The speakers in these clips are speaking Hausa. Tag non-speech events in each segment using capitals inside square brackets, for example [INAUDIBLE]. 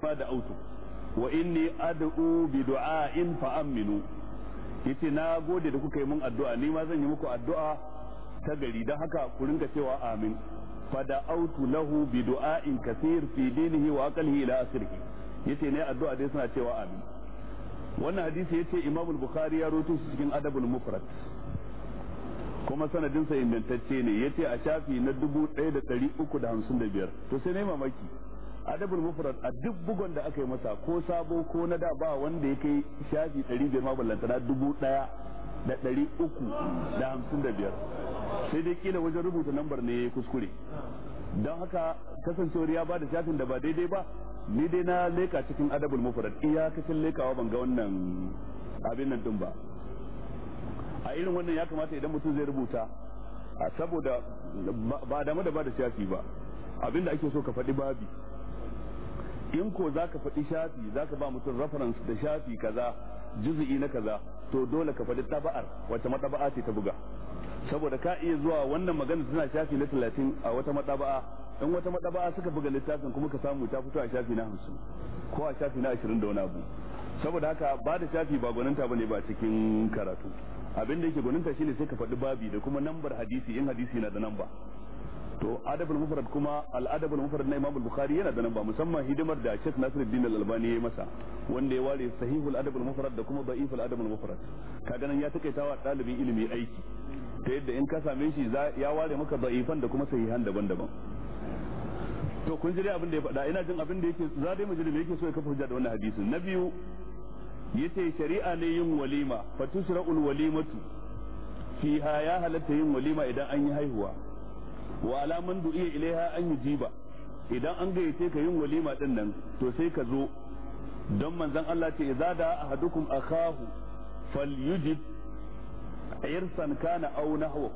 ba da autu wa inni ad'u bi du'ain fa aminu yace na gode da kuka yi mun addu'a ni ma zan yi muku addu'a ta gari dan haka ku rinka cewa amin fa da autu lahu bi du'ain kaseer fi dinihi wa aqlihi ila asrihi yace ne addu'a dai suna cewa amin wannan hadisi yace Imam al-Bukhari ya rawaito shi cikin Adabul Mufrad kuma sanadin sanadinsa ingantacce ne yace a shafi na 1355 to sai ne mamaki adabul mufrad a duk bugon da aka yi masa ko sabo ko na da ba wanda ya kai shafi 500 ma da 1355 sai dai kila wajen rubuta lambar ne ya kuskure don haka kasancewar ya ba da shafin da ba daidai ba ni dai na leka cikin adabul mufrad iyakacin lekawa ban ga wannan abin nan din ba a irin wannan ya kamata idan mutum zai rubuta saboda ba da da ba da shafi ba abinda ake so ka faɗi babi in ko za ka faɗi shafi za ka ba mutum reference da shafi kaza juzui na kaza to dole ka faɗi taba'ar wacce mataba'a ce ta buga saboda ka iya zuwa wannan magana suna shafi na talatin a wata mataba'a in wata mataba'a suka buga littafin kuma ka samu ta fito a shafi na hamsin ko a shafi na ashirin da wani abu saboda haka ba da shafi ba gwaninta ba ne ba cikin karatu abin da yake gwaninta shine sai ka faɗi babi da kuma nambar hadisi in hadisi na da namba to adabul mufrad kuma al adabul mufrad na imam bukhari yana da nan ba musamman hidimar da Sheikh Nasiruddin al-Albani yayi masa wanda ya ware sahihul adabul mufrad da kuma da'iful adabul mufrad kaga nan ya takaita wa dalibin ilimi aiki ta yadda in ka same shi ya ware maka da'ifan da kuma sahihan daban-daban to kun ji abin da ya faɗa ina jin abin da yake za dai majalimi yake so ya kafa hujja da wannan hadisin na biyu yace shari'a ne yin walima fatusra'ul walimatu fiha ya halatta yin walima idan an yi haihuwa wa ala man du'iya ilaiha an yujiba idan an gayyace ka yin walima din nan to sai ka zo don manzon Allah ce idza da ahadukum akahu falyujib irsan kana aw nahwa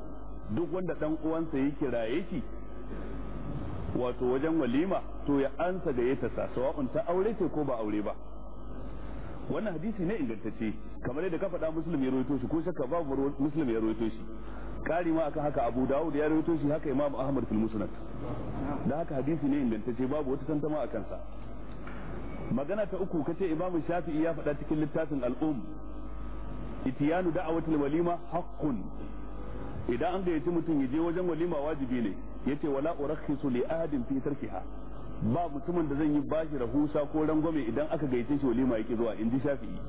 duk wanda dan uwansa ya kiraye shi wato wajen walima to ya ansa gayyata sa sawa'un ta aure ce ko ba aure ba wannan hadisi ne ingantacce kamar yadda ka faɗa musulmi ya rawaito shi ko shakka babu musulmi ya rawaito shi kari ma akan haka abu dawud ya rawaito shi haka imam ahmad fil musnad da haka hadisi ne ce babu wata tantama akan sa magana ta uku kace imam shafi'i ya faɗa cikin littafin al'um itiyanu da'awatul walima haqqun idan an gayyaci mutum ya je wajen walima wajibi ne yace wala urakhisu li ahadin fi tarkiha ba mutumin da zan yi bashi rahusa ko rangwame idan aka gayyace shi walima yake zuwa in ji shafi'i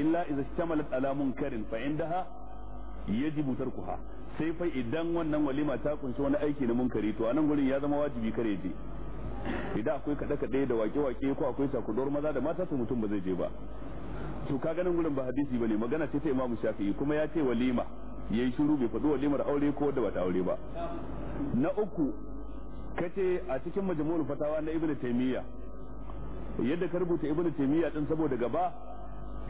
illa iza shtamalat ala munkarin fa indaha yaji ku kuha sai fa idan wannan walima ta kunshi wani aiki na munkari to anan gurin ya zama wajibi kare je idan akwai kada kada da wake wake ko akwai sakudor maza da mata to mutum ba zai je ba to ka ganin gurin ba hadisi bane magana ce ta imamu Shafi'i kuma ya ce walima yayi shuru bai faɗi walimar aure ko da bata aure ba na uku kace a cikin majmu'ul fatawa na Ibn taymiya yadda ka rubuta Ibn taymiya din saboda gaba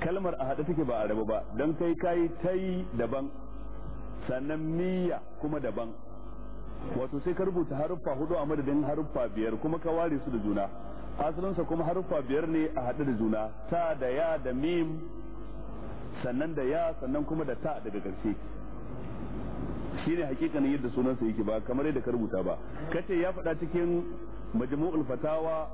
kalmar a hada take ba a raba ba dan kai kayi tai daban sannan miya kuma daban wato sai ka rubuta haruffa hudu a madadin haruffa biyar kuma ka ware su da juna asalinsa kuma haruffa biyar ne a haɗe da juna ta da ya da mim sannan da ya sannan kuma da ta daga ƙarshe shi ne hakikanin yadda sunansa yake ba kamar yadda ka rubuta ba kace ya faɗa cikin majmu'ul fatawa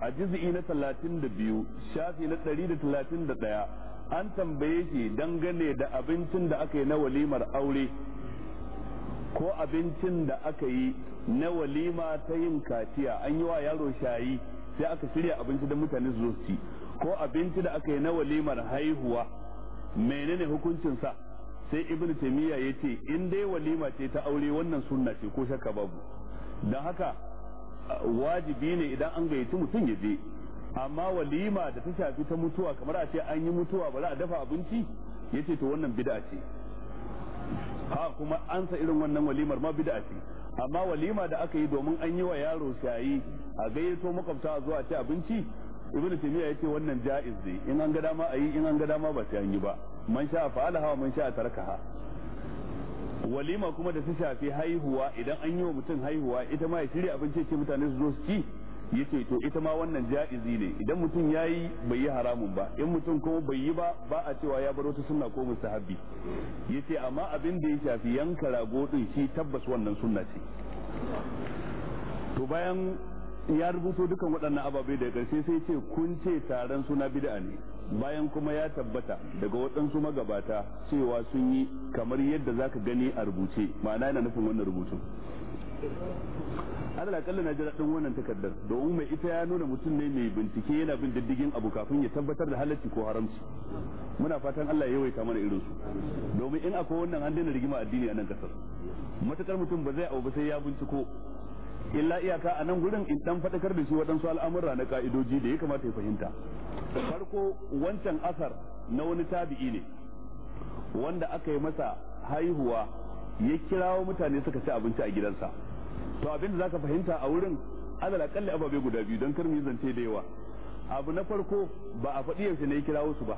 a juz'i na 32 shafi na 131 an tambaye shi dangane da abincin da aka yi na walimar aure ko abincin da aka yi na walima ta yin kaciya an yi wa yaro shayi sai aka shirya abinci da mutane su ci ko abinci da aka yi na walimar haihuwa menene hukuncinsa sai Ibn taimiyya ya ce in dai walima ce ta aure wannan sunna ce ko shakka babu don haka wajibi ne idan an gayyaci mutum ya je amma walima da ta shafi ta mutuwa kamar a ce an yi mutuwa ba za a dafa abinci ya ce to wannan bid'a ce ha kuma an sa irin wannan walimar ma bid'a ce amma walima da aka yi domin an yi wa yaro shayi a gayyato makwabta zuwa ci abinci ibnu taymiya yace wannan ja'iz ne in an ga dama ayi in an ga dama ba sai an yi ba man sha fa'alaha wa man sha tarakaha walima kuma da ta shafi haihuwa idan an yi wa mutum haihuwa ita ma ya shirya abinci ce mutane su zo su ci yace to ita ma wannan ja'izi ne idan mutum yayi bai yi haramun ba in mutum kuma bai yi ba ba a cewa ya bar wata sunna ko mustahabbi yace amma abin da ya shafi yanka rago din shi tabbas wannan sunna ce to bayan ya rubuto dukan waɗannan ababai da ƙarshe sai ce kun ce taron suna bid'a ne bayan kuma ya tabbata daga waɗansu magabata cewa sun yi kamar yadda zaka gani a rubuce ma'ana yana nufin wannan rubutu. Allah akalla na ji daɗin wannan takardar domin mai ita ya nuna mutum ne mai bincike yana bin diddigin abu kafin ya tabbatar da halacci ko haramci muna fatan Allah ya yawaita mana irin su domin in akwai wannan an daina rigima addini a nan kasar matakar mutum ba zai abu ba sai ya binciko illa iyaka a nan gurin in dan fadakar da shi waɗansu al'amura na ka'idoji da ya kamata ya fahimta farko wancan asar na wani tabi'i ne wanda aka yi masa haihuwa ya kirawo mutane suka ci abinci a gidansa to abin da zaka fahimta a wurin alal akalli ababe guda biyu don kar zance da yawa abu na farko ba a faɗi yaushe ne kirawo su ba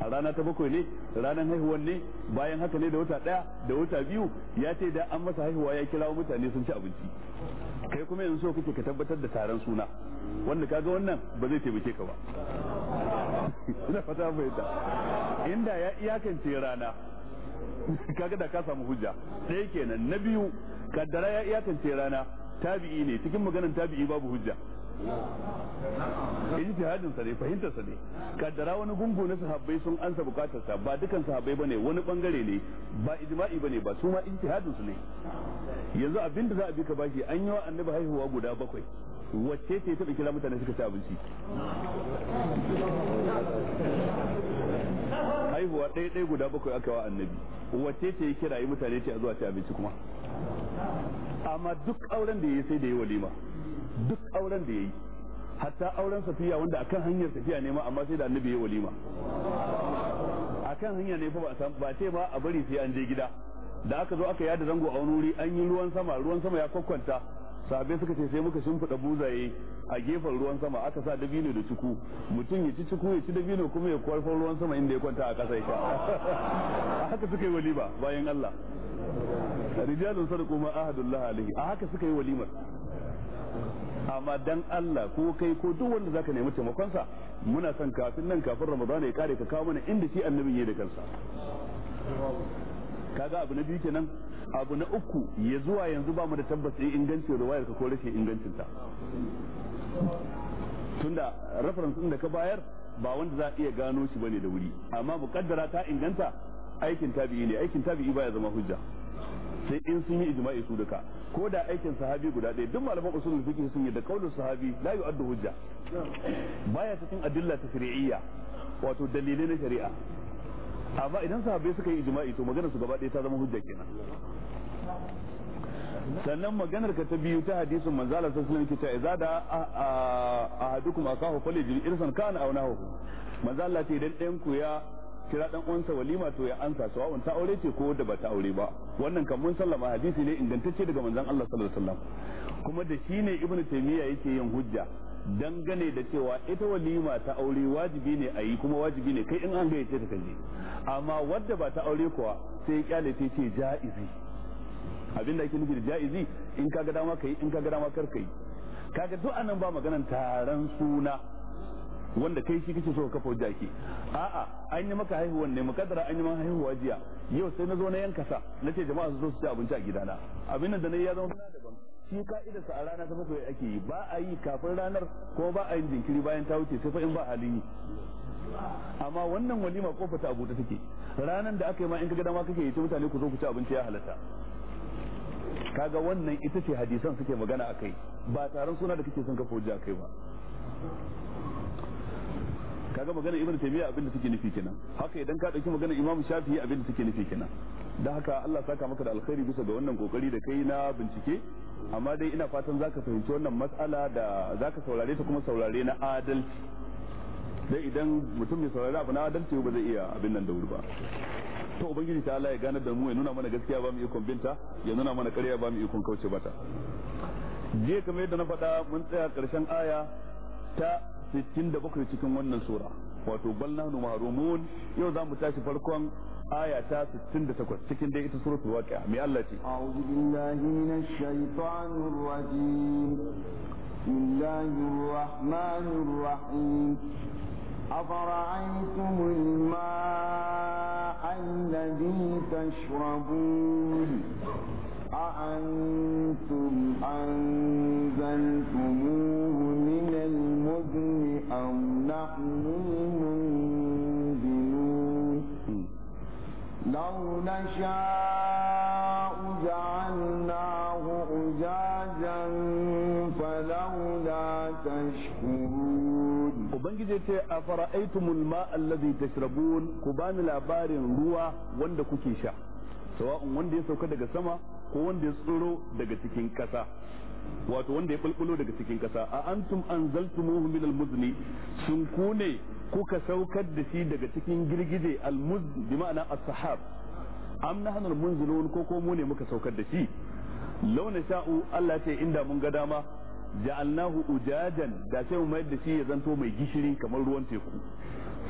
a rana ta bakwai ne ranar haihuwar ne bayan haka ne da wata ɗaya da wata biyu ya ce da an masa haihuwa ya kirawo mutane sun ci abinci kai kuma yanzu so kake ka tabbatar da taron suna wanda kaga wannan ba zai taimake ka ba [LAUGHS] ina fata fahimta inda ya iyakance rana [LAUGHS] kaga da ka samu hujja sai kenan na biyu kaddara ya iyakance rana tabi'i ne cikin maganan tabi'i babu hujja ijtihadin sa ne fahimtar sa ne kaddara wani gungu na sahabbai sun ansa bukatar sa ba dukan sahabbai bane wani bangare ne ba ijma'i bane ba su ma ji su ne yanzu abinda za a bi ka bashi an yi wa annabi haihuwa guda bakwai wacce ce ta kira mutane suka ci abinci haihuwa ɗaya ɗaya guda bakwai aka wa annabi wace ce ya yi mutane ce a zuwa ci abinci kuma amma duk auren da ya yi sai da ya walima duk auren da ya yi hatta auren safiya wanda akan hanyar tafiya ne ma amma sai da annabi ya walima akan hanya ne fa ba san ba ce ma a bari sai an je gida da aka zo aka yada zango a wani wuri an yi ruwan sama ruwan sama ya kwakwanta sahabbai suka ce sai muka shimfiɗa buzaye a gefen ruwan sama aka sa dabino da ciku mutum ya ci ciku ya ci dabino kuma ya kwarfar ruwan sama inda ya kwanta a ƙasa ya a haka suka yi walima bayan Allah rijalun sadaqu ma ahadullah alaihi a haka suka yi walimar amma dan Allah ko kai ko duk wanda zaka nemi taimakon sa muna son kafin nan kafin Ramadan ya kare ka kawo mana inda shi annabi yayi da kansa kaga abu na biyu kenan abu na uku ya zuwa yanzu ba mu da tabbas in ingancin ruwayar ka ko rashin ingancin ta tunda reference din da ka bayar ba wanda za a iya gano shi bane da wuri amma muqaddara ta inganta aikin tabi'i ne aikin tabi'i ba ya zama hujja sai in sun yi ijma'i su duka ko da aikin sahabi guda ɗaya duk malaman usulul fiqh sun yi da kaulin sahabi la yu'addu hujja baya cikin adilla ta shari'iyya wato dalilai na shari'a amma idan sahabbai suka yi ijma'i to maganar su gaba ɗaya ta zama hujja kenan sannan maganar ka ta biyu ta hadisin manzala sai sunan kita idza da ahadukum akahu falyajri irsan kana aw nahu manzala ce idan ɗayan ku ya kira dan uwansa walima to ya ansa sawa'un ta aure ce ko da ba ta aure ba wannan kan mun sallama hadisi ne ingantacce daga manzon Allah sallallahu alaihi wasallam kuma da shine ibnu taymiya yake yin hujja dangane da cewa ita walima ta aure wajibi ne a yi kuma wajibi ne kai in an gayyace ta kalli amma wadda ba ta aure kuwa sai kyale ta ce ja'izi abinda ake nufi da ja'izi in kaga dama kai in kaga dama kar kai kaga duk anan ba maganan taron suna wanda kai shi kake so ka kafa jaki a'a an yi maka haihuwan ne mukaddara an yi maka haihuwa jiya yau sai na zo na yanka sa nace jama'a su zo su ci abinci a gidana abin da na yi ya zama daban shi ka'idarsa a rana ta bakwai ake yi ba a yi kafin ranar ko ba a yin jinkiri bayan ta wuce sai fa in ba halin yi amma wannan walima kofa ta abuta take ranar da aka yi ma in kaga dama kake yi ta mutane ku zo ku ci abinci ya halatta kaga wannan ita ce hadisan suke magana akai ba taron suna da kake son kafa hujja akai ba kaga magana ibnu taymiya abin da take nufi kenan haka idan ka dauki magana imamu shafi'i abin da take nufi kenan dan haka Allah saka maka da alkhairi bisa ga wannan kokari da kai na bincike amma dai ina fatan zaka fahimci wannan mas'ala da zaka saurare ta kuma saurare na adalci dai idan mutum mai saurare abu na adalci ba zai iya abin nan da wuri ba to ubangiji ta Allah ya gane da mu ya nuna mana gaskiya ba mu ikon binta ya nuna mana ƙarya ba mu ikon kauce bata je kamar yadda na faɗa mun tsaya ƙarshen aya ta 67 cikin wannan sura wato bal nahnu mahrumun yau zamu tashi farkon aya ta 68 cikin dai ita suratul waqi'a mai Allah ce a'udhu billahi minash shaitanir rajim bismillahir rahmanir rahim أفرأيتم الماء الذي تشربون أأنتم أنزلتموه نشاء جعلناه أجاجا فلولا تشكرون وبنجي ku bani labarin ruwa wanda kuke sha. Sawa'un wanda ya sauka daga sama ko wanda ya tsoro daga cikin kasa. wato wanda ya bulbulo daga cikin kasa a antum anzaltumuhu min almuzni sun ku ne kuka saukar da shi daga cikin girgije almuz bi ma'ana as-sahab am mun munzilun ko ko mu ne muka saukar da shi launa sha'u Allah ce inda mun ga dama ja'alnahu ujajan da sai mu mayar da shi ya zanto mai gishiri kamar ruwan teku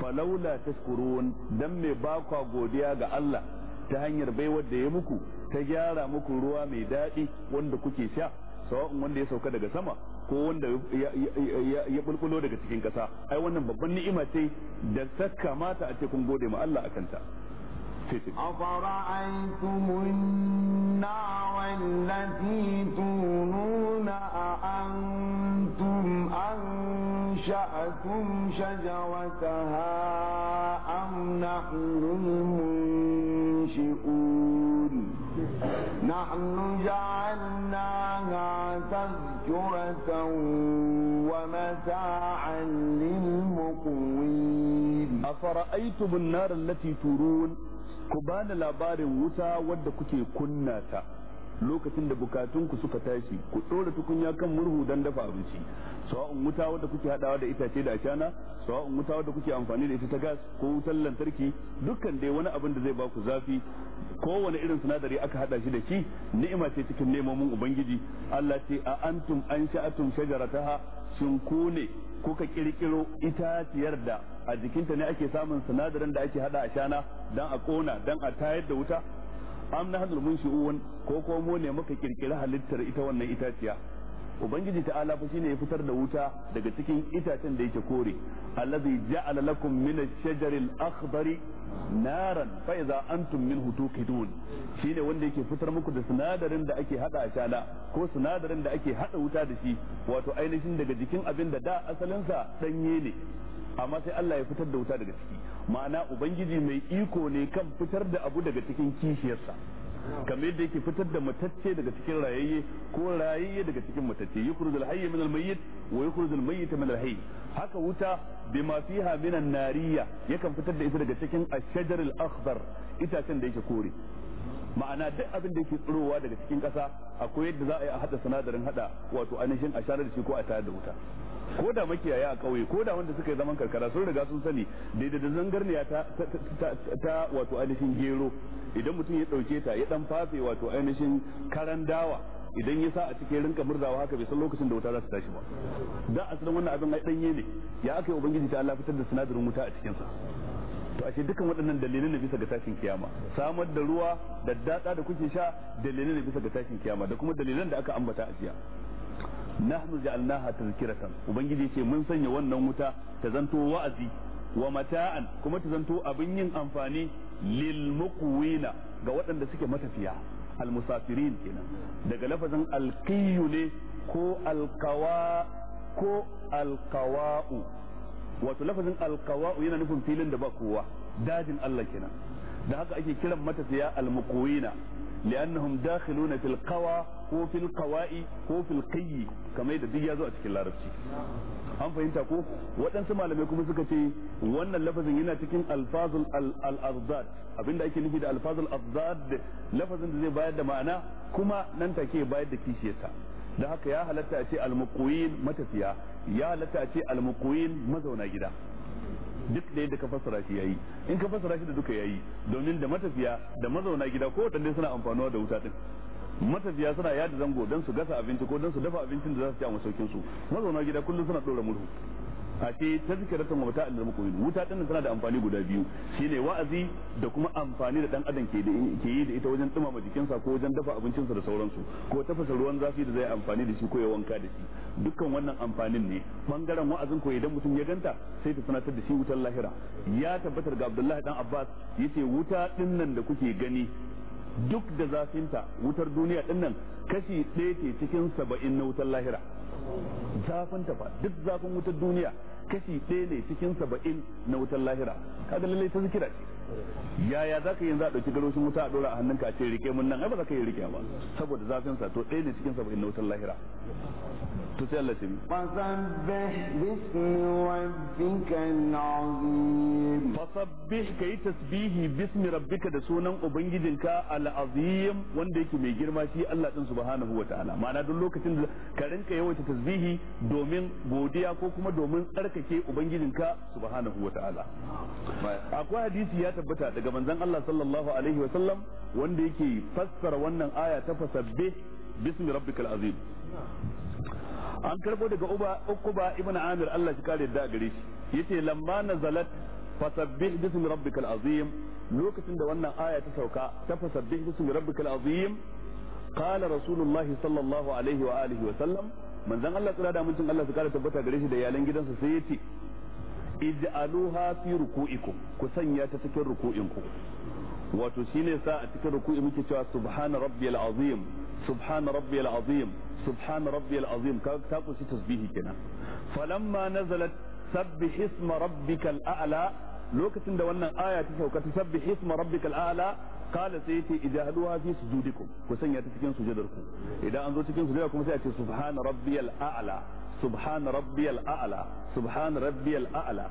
falaula tashkurun dan me ba kwa godiya ga Allah ta hanyar baiwar da ya muku ta gyara muku ruwa mai daɗi wanda kuke sha sawa'un wanda ya sauka daga sama ko wanda ya bulbulo daga cikin ƙasa ai wannan babban ni'ima ce da ta kamata a ce kun gode ma Allah a ta. أفرأيتم النار التي تونون أأنتم أنشأتم شجرتها أم نحن المنشئون نحن جعلناها تذكرة ومتاعا للمقوين أفرأيتم النار التي تورون ku ba da labarin wuta wadda kuke kunna ta lokacin da bukatun ku suka tashi ku ɗora tukunya kan murhu don dafa abinci sawa'un wuta wadda kuke haɗawa da itace da ashana sawa'un wuta wadda kuke amfani da ita ta gas ko wutar lantarki dukkan dai wani abin da zai ba ku zafi kowane irin sinadari aka hada shi da shi ni'ima ce cikin nemomin ubangiji Allah ce a antum an sha'atum shajarataha shin ku ne kuka kirkiro itaciyar da a jikinta ne ake samun sinadarin da ake hada a shana dan a kona dan a tayar da wuta am na hadul munshi'un ko ko mu ne muka kirkiri halittar ita wannan itaciya ubangiji ta'ala fa shine ya fitar da wuta daga cikin itacen da yake kore allazi ja'ala lakum min ash-shajari al-akhdari naran fa idza antum minhu tuqidun shine wanda yake fitar muku da sinadarin da ake hada a shana ko sinadarin da ake hada wuta da shi wato ainihin daga jikin abin da da asalin sa danye ne amma sai Allah ya fitar da wuta daga ciki ma'ana ubangiji mai iko ne kan fitar da abu daga cikin kishiyarsa kamar yadda yake fitar da matacce daga cikin rayayye ko rayayye daga cikin matacce yukhrujul hayy min al wa yukhrujul mayyit min al haka wuta bima fiha min an nariya yakan fitar da ita daga cikin ash-shajar al akhdar itacen da yake kore ma'ana duk abin da yake tsirowa daga cikin kasa akwai yadda za a yi a hada sinadarin hada wato ainihin a share da shi ko a tayar da wuta ko da makiyaya a ƙauye ko da wanda suka yi zaman karkara sun riga sun sani daidai da zangarniya ta ta wato ainihin gero idan mutum ya dauke ta ya dan fafe wato ainihin karan dawa idan ya sa a cikin rinka murzawa haka bai san lokacin da wuta za ta tashi ba da asalin wannan abin ai danye ne ya aka yi ubangiji ta Allah fitar da sinadarin wuta a cikin sa to ashe dukan waɗannan dalilin ne bisa ga tashin kiyama samar da ruwa da daɗa da kuke sha dalilin ne bisa ga tashin kiyama da kuma dalilan da aka ambata a jiya nahnu ja'alnaha tazkiratan ubangiji ya ce mun sanya wannan wuta ta zanto wa'azi wa mata'an kuma ta zanto abin yin amfani lil muqwina ga waɗanda suke matafiya al musafirin kenan daga lafazin al ne ko alqawa ko wato lafazin alkawa'u yana nufin filin da ba kowa dajin Allah kenan da haka ake kiran matafiya almuqawina li'annahum dakhiluna fil qawa ko fil qawa'i ko fil qayyi kamar da duk ya zo a cikin larabci an fahimta ko waɗansu malamai kuma suka ce wannan lafazin yana cikin alfazul al-azdad abinda ake nufi da alfazul azdad lafazin da zai bayar da ma'ana kuma nan take bayar da kishiyarsa da haka ya halatta a ce almukuyin matafiya ya halatta a ce almukuyin mazauna gida duk da yadda ka fassara shi yayi in ka fassara shi da duka yayi domin da matafiya da mazauna gida ko wadanne suna amfanuwa da wuta din matafiya suna yada zango don su gasa abinci ko don su dafa abincin da za su ci a masaukin su mazauna gida kullum suna dora murhu a ce mabata a ta'allul muqmin wuta ɗin tana da amfani guda biyu shi ne wa'azi da kuma amfani da dan adam ke yi da ita wajen dumama jikinsa ko wajen dafa abincinsa da sauransu ko tafasa ruwan zafi da zai amfani da shi ko ya wanka da shi dukkan wannan amfanin ne bangaren wa'azin ko idan mutum ya ganta sai ta sanatar da shi wutar lahira ya tabbatar ga Abdullahi dan Abbas yace wuta ɗin nan da kuke gani duk da zafinta wutar duniya ɗin nan kashi ɗaya ce cikin saba'in na wutar lahira zafin tafa duk zafin wutar duniya kashi ɗaya ne cikin saba'in na wutar lahira kaga lallai ta zikira ce yaya ka yi za a dauki garoshin wuta a ɗora a hannunka a ce rike mun nan ai ba ka yi rike ba saboda zafin sa to ɗaya ne cikin saba'in na wutar lahira to sai Allah ce fasabbih bismi al azim fasabbih kai tasbihi bismi rabbika da sunan ubangijinka al azim wanda yake mai girma shi Allah din subhanahu wataala ma'ana duk lokacin da ka rinka yawaita tasbihi domin godiya ko kuma domin tsarkake ubangijinka subhanahu wataala akwai hadisi ya tabbata daga manzon Allah sallallahu alaihi wa sallam wanda yake fassara wannan aya ta fasabbih bismi rabbikal azim an karbo daga uba ukuba ibnu amir Allah shi kare da gare shi yace lamma nazalat fasabbih bismi rabbikal azim lokacin da wannan aya ta sauka ta fasabbih bismi rabbikal azim qala rasulullahi sallallahu alaihi wa alihi wa sallam manzon Allah tsira da mutun Allah su kare tabbata gare shi da iyalan gidansa sai yace ij'aluha fi ruku'ikum ku sanya ta cikin ruku'inku wato shine sa a cikin ruku'i muke cewa subhana rabbiyal azim subhana rabbiyal azim subhana rabbiyal azim ka ta kusi tasbihi kenan falamma nazalat sabbih isma rabbikal a'la lokacin da wannan aya ta sauka ta sabbih isma rabbikal a'la kala sai yace ijaluha fi sujudikum ku sanya ta cikin sujudarku idan an zo cikin sujudar kuma sai a ce subhana rabbiyal a'la سبحان ربي الأعلى سبحان ربي الأعلى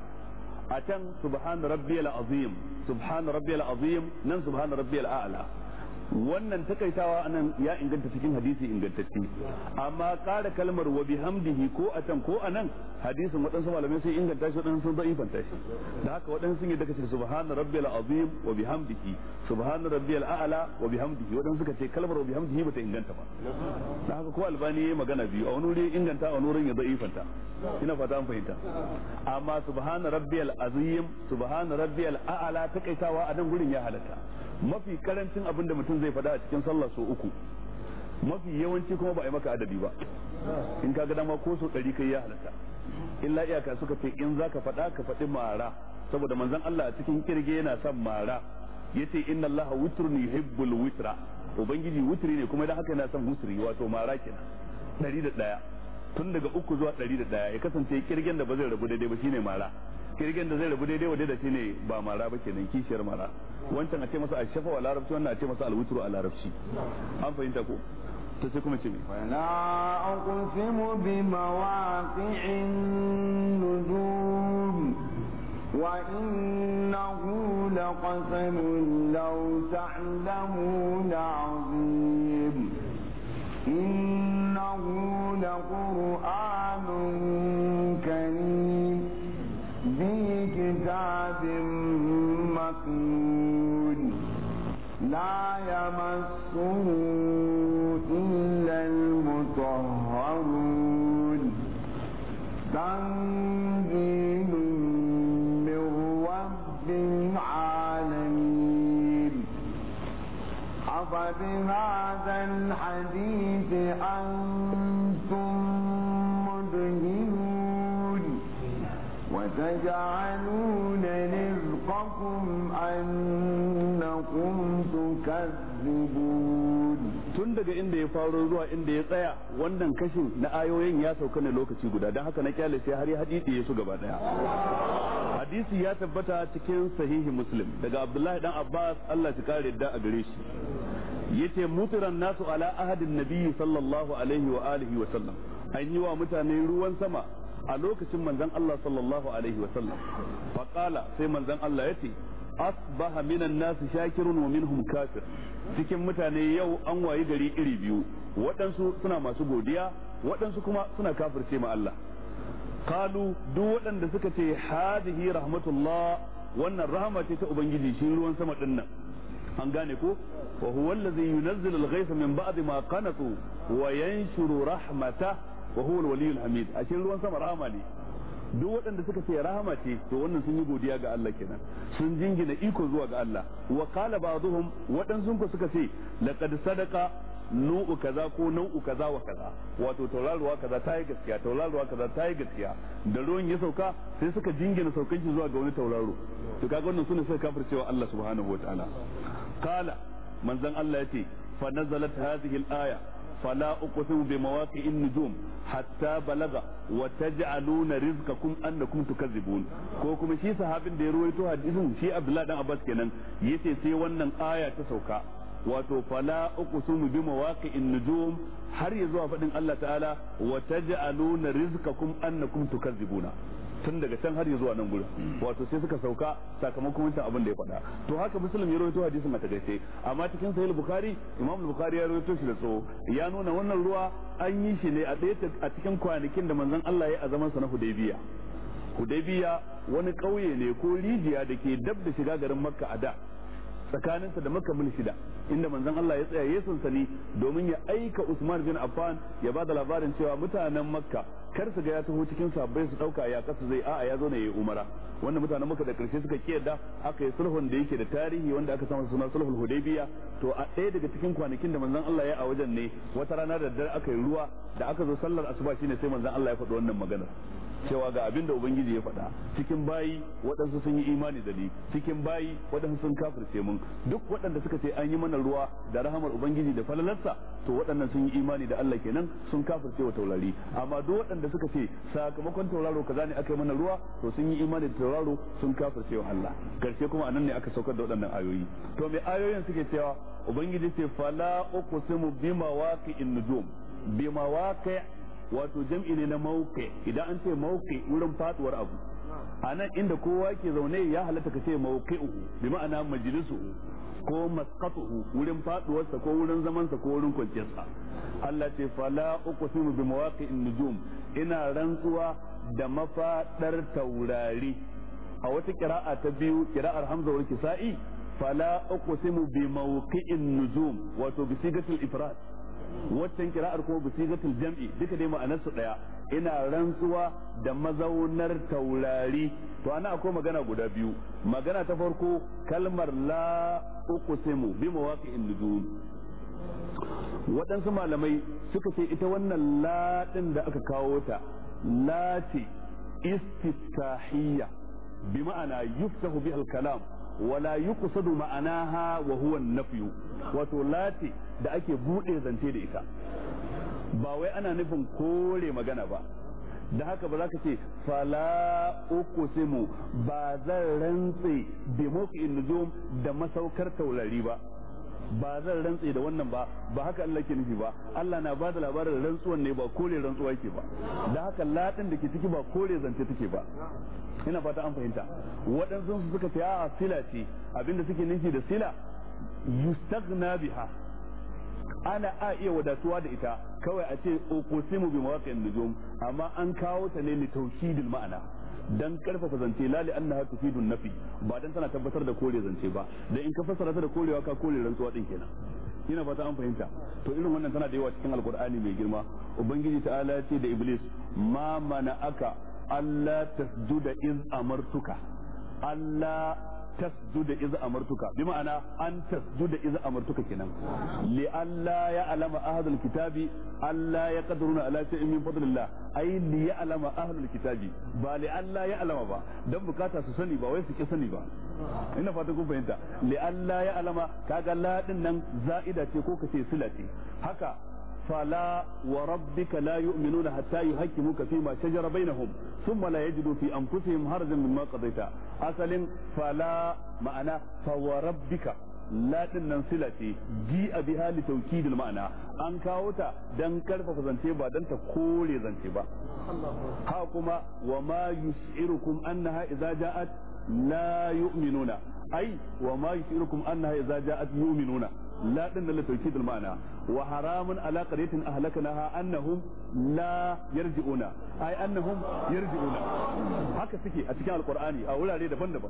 أتم سبحان ربي العظيم سبحان ربي العظيم نن سبحان ربي الأعلى wannan takaitawa anan ya inganta cikin hadisi ingantacce amma ƙara kalmar wa bihamdihi ko a can ko a nan hadisin waɗansu malamai sun inganta shi waɗansu sun fanta shi da haka waɗansu sun yi daga cikin subhana rabbiyal azim wa bihamdihi subhana rabbiyal a'la wa bihamdihi waɗansu suka ce kalmar wa bihamdihi bata inganta ba da haka ko albani yayi magana biyu a wani wuri inganta a wani wurin ya da'ifanta ina fata an fahimta amma subhana rabbiyal azim subhana rabbiyal a'la takaitawa a nan gurin ya halatta mafi karancin abin da mutum zai fada a cikin sallah so uku mafi yawanci kuma ba a yi maka adadi ba in ka ga dama ko so ɗari kai ya halatta illa iyaka suka ce in za ka faɗa ka faɗi mara saboda manzan Allah a cikin kirge yana son mara yace inna Allah witrun yuhibbul witra ubangiji wuturi ne kuma idan haka yana son wuturi wato mara kenan ɗari da ɗaya tun daga uku zuwa ɗari da ɗaya ya kasance kirgen da ba zai rabu daidai ba shine mara kirgin da zai rabu daidai wa daidai ne ba mara ba kenan kishiyar mara wancan a ce masa ashafa wa larabci wannan a ce masa alwuturu a larabci an fahimta ko to sai kuma ce me wala mu bi mawaqi'in nujum wa innahu laqasamun law ta'lamuna 'azim innahu laqur'anun كتاب مكنون لا يمسه إلا المطهرون تنزيل من رب العالمين أفبهذا الحديث أنت تجعلون tun daga inda ya faro zuwa inda ya tsaya wannan kashin na ayoyin ya sauka ne lokaci guda don haka na kyale sai har hadisi ya su gaba daya hadisi ya tabbata cikin sahihi muslim daga abdullahi dan abbas Allah ya kare da a gare shi yace mutiran nasu ala ahadin nabiyyi sallallahu alaihi wa alihi wa sallam an yi wa mutane ruwan sama a lokacin manzon Allah sallallahu alaihi wa sallam fa sai manzon Allah yace asbaha minan nas shakirun wa minhum kafir cikin mutane yau an wayi gari iri biyu waɗansu suna masu godiya waɗansu kuma suna kafirce ma Allah kalu duk waɗanda suka ce hadihi rahmatullah wannan rahama ce ta ubangiji shi ruwan sama din nan an gane ko wa huwa allazi yunazzilu al-ghaytha min ba'di ma qanatu wa yanshuru rahmatah wa huwa al-waliyul hamid ashe ruwan sama rahama ne duk waɗanda suka ce rahama ce to wannan sun yi godiya ga Allah kenan sun jingina iko zuwa ga Allah wa qala ba'dhum waɗansu ku suka ce laqad sadaqa nau'u kaza ko nau'u kaza wa kaza wato tauraruwa kaza ta yi gaskiya tauraruwa kaza ta yi gaskiya da ruwan ya sauka sai suka jingina saukan shi zuwa ga wani tauraro to kaga wannan sune suka kafircewa Allah subhanahu wataala qala manzon Allah yace fa nazalat hadhihi al-aya fala uqsimu bi mawaqi'in nujum hatta balaga wa taj'aluna rizqakum annakum tukazzibun ko kuma shi sahabin da ya ruwaito hadisin shi Abdullah dan Abbas kenan ce sai wannan aya ta sauka wato fala uqsimu bi mawaqi'in nujum har ya zuwa faɗin Allah ta'ala wa taj'aluna rizqakum annakum tukazzibuna tun daga can har zuwa nan gurin hmm. wato sai suka sauka sakamakon wancan abin da ya faɗa to haka musulun ya rawaito hadisin a gaishe amma cikin sahih bukhari imam bukhari ya rawaito shi da tsoho ya nuna wannan ruwa an yi shi ne a ɗaya a cikin kwanakin da manzon Allah ya azaman sa na hudaybiya hudaybiya wani ƙauye ne ko rijiya da ke dab da shiga garin makka a da tsakaninsa da makka mil shida inda manzon Allah ya tsaya ya sansani domin ya aika Usman bin Affan ya ba da labarin cewa mutanen makka kar su ga ya taho cikin sabbai su dauka ya kasa zai a'a ya zo ne yayi umara wannan mutanen maka da karshe suka da aka yi sulhun da yake da tarihi wanda aka samu suna sulhul hudaybiya to a ɗaya daga cikin kwanakin da manzon Allah ya a wajen ne wata rana da dare aka yi ruwa da aka zo sallar asuba shine sai manzon Allah ya faɗi wannan maganar cewa ga abin da ubangiji ya faɗa cikin bayi waɗansu sun yi imani da ni cikin bayi waɗansu sun kafirce mun duk waɗanda suka ce an yi mana ruwa da rahamar ubangiji da falalarsa to waɗannan sun yi imani da Allah kenan sun kafirce wa taurari amma duk waɗanda waɗanda suka ce sakamakon tauraro kaza ne aka yi mana ruwa to sun yi imani da tauraro sun kafirce wa Allah karshe kuma anan ne aka saukar da waɗannan ayoyi to me ayoyin suke cewa ubangiji ce fala uqsimu bima waqi'in nujum bima waqi' wato jam'i ne na mauqi idan an ce mauqi wurin faduwar abu a nan inda kowa ke zaune ya halatta ka ce mawuki'uhu bi ma'ana majlisuhu ko masqatuhu wurin faduwarsa ko wurin zamansa ko wurin kwanciyarsa Allah ce fala uqsimu bi mawaqi'in nujum ina rantsuwa da mafadar taurari a wata kira'a ta biyu kira'ar Hamza wal Kisa'i fala uqsimu bi mawqi'in nujum wato bi sigatul ifrad wata kira'ar ko bi sigatul jam'i duka dai ma'anar su daya ina rantsuwa da mazaunar taurari to ana akwai magana guda biyu magana ta farko kalmar la uqsimu bi mawaqi'in nujum waɗansu malamai suka ce ita wannan la din da aka kawo ta la ce istiftahiyya bi ma'ana yuftahu bi al-kalam wala yuqsadu ma'anaha wa huwa an-nafyu wato la ce da ake bude zance da ita ba wai ana nufin kore magana ba da haka ba za ka ce fala simu ba zan rantse bi in nujum da masaukar taurari ba ba zan rantse da wannan ba ba haka Allah ke nufi ba Allah na ba da labarin rantsuwan ne ba kore rantsuwa yake ba da haka latin da ke ciki ba kore zance take ba ina fata an fahimta waɗansu suka ce a'a sila ce abinda suke nufi da sila yustagna biha ana a iya wadatuwa da ita kawai a ce uqsimu bi mawaqi'in nujum amma an kawo ta ne li tawkidil ma'ana dan karfafa zance la li annaha tufidu nafi ba dan tana tabbatar da kore zance ba dan in ka fassara ta da korewa ka kore rantsuwa din kenan ina fata an fahimta to irin wannan tana da yawa cikin alqur'ani mai girma ubangiji ta'ala ya ce da iblis ma mana aka Allah tasjuda iz amartuka Allah tasjuda iz amartuka bi ma'ana an tasjuda iz amartuka kenan li alla ya alama ahlul kitabi alla ya qadruna ala shay'in min fadlillah ai li ya alama ahlul kitabi ba li alla ya alama ba dan bukata su sani ba wai su ki sani ba ina fata kun fahimta li alla ya alama kaga la din nan za'ida ce ko kace sila ce haka فلا وربك لا يؤمنون حتى يحكموك فيما شجر بينهم ثم لا يجدوا في انفسهم هرجا مما قضيت اصل فلا معنى فوربك لا تنن صلتي جيء بها لتوكيد المعنى ان كاوتا دان كرفا فزنتي با دان تكولي زنتي با وما يشعركم انها اذا جاءت لا يؤمنون اي وما يشعركم انها اذا جاءت يؤمنون لا تنن لتوكيد المعنى وحرام على قرية أهلكناها أنهم لا يرجعون أي أنهم يرجعون هكا سكي wurare القرآن daban. ليه دفن دفن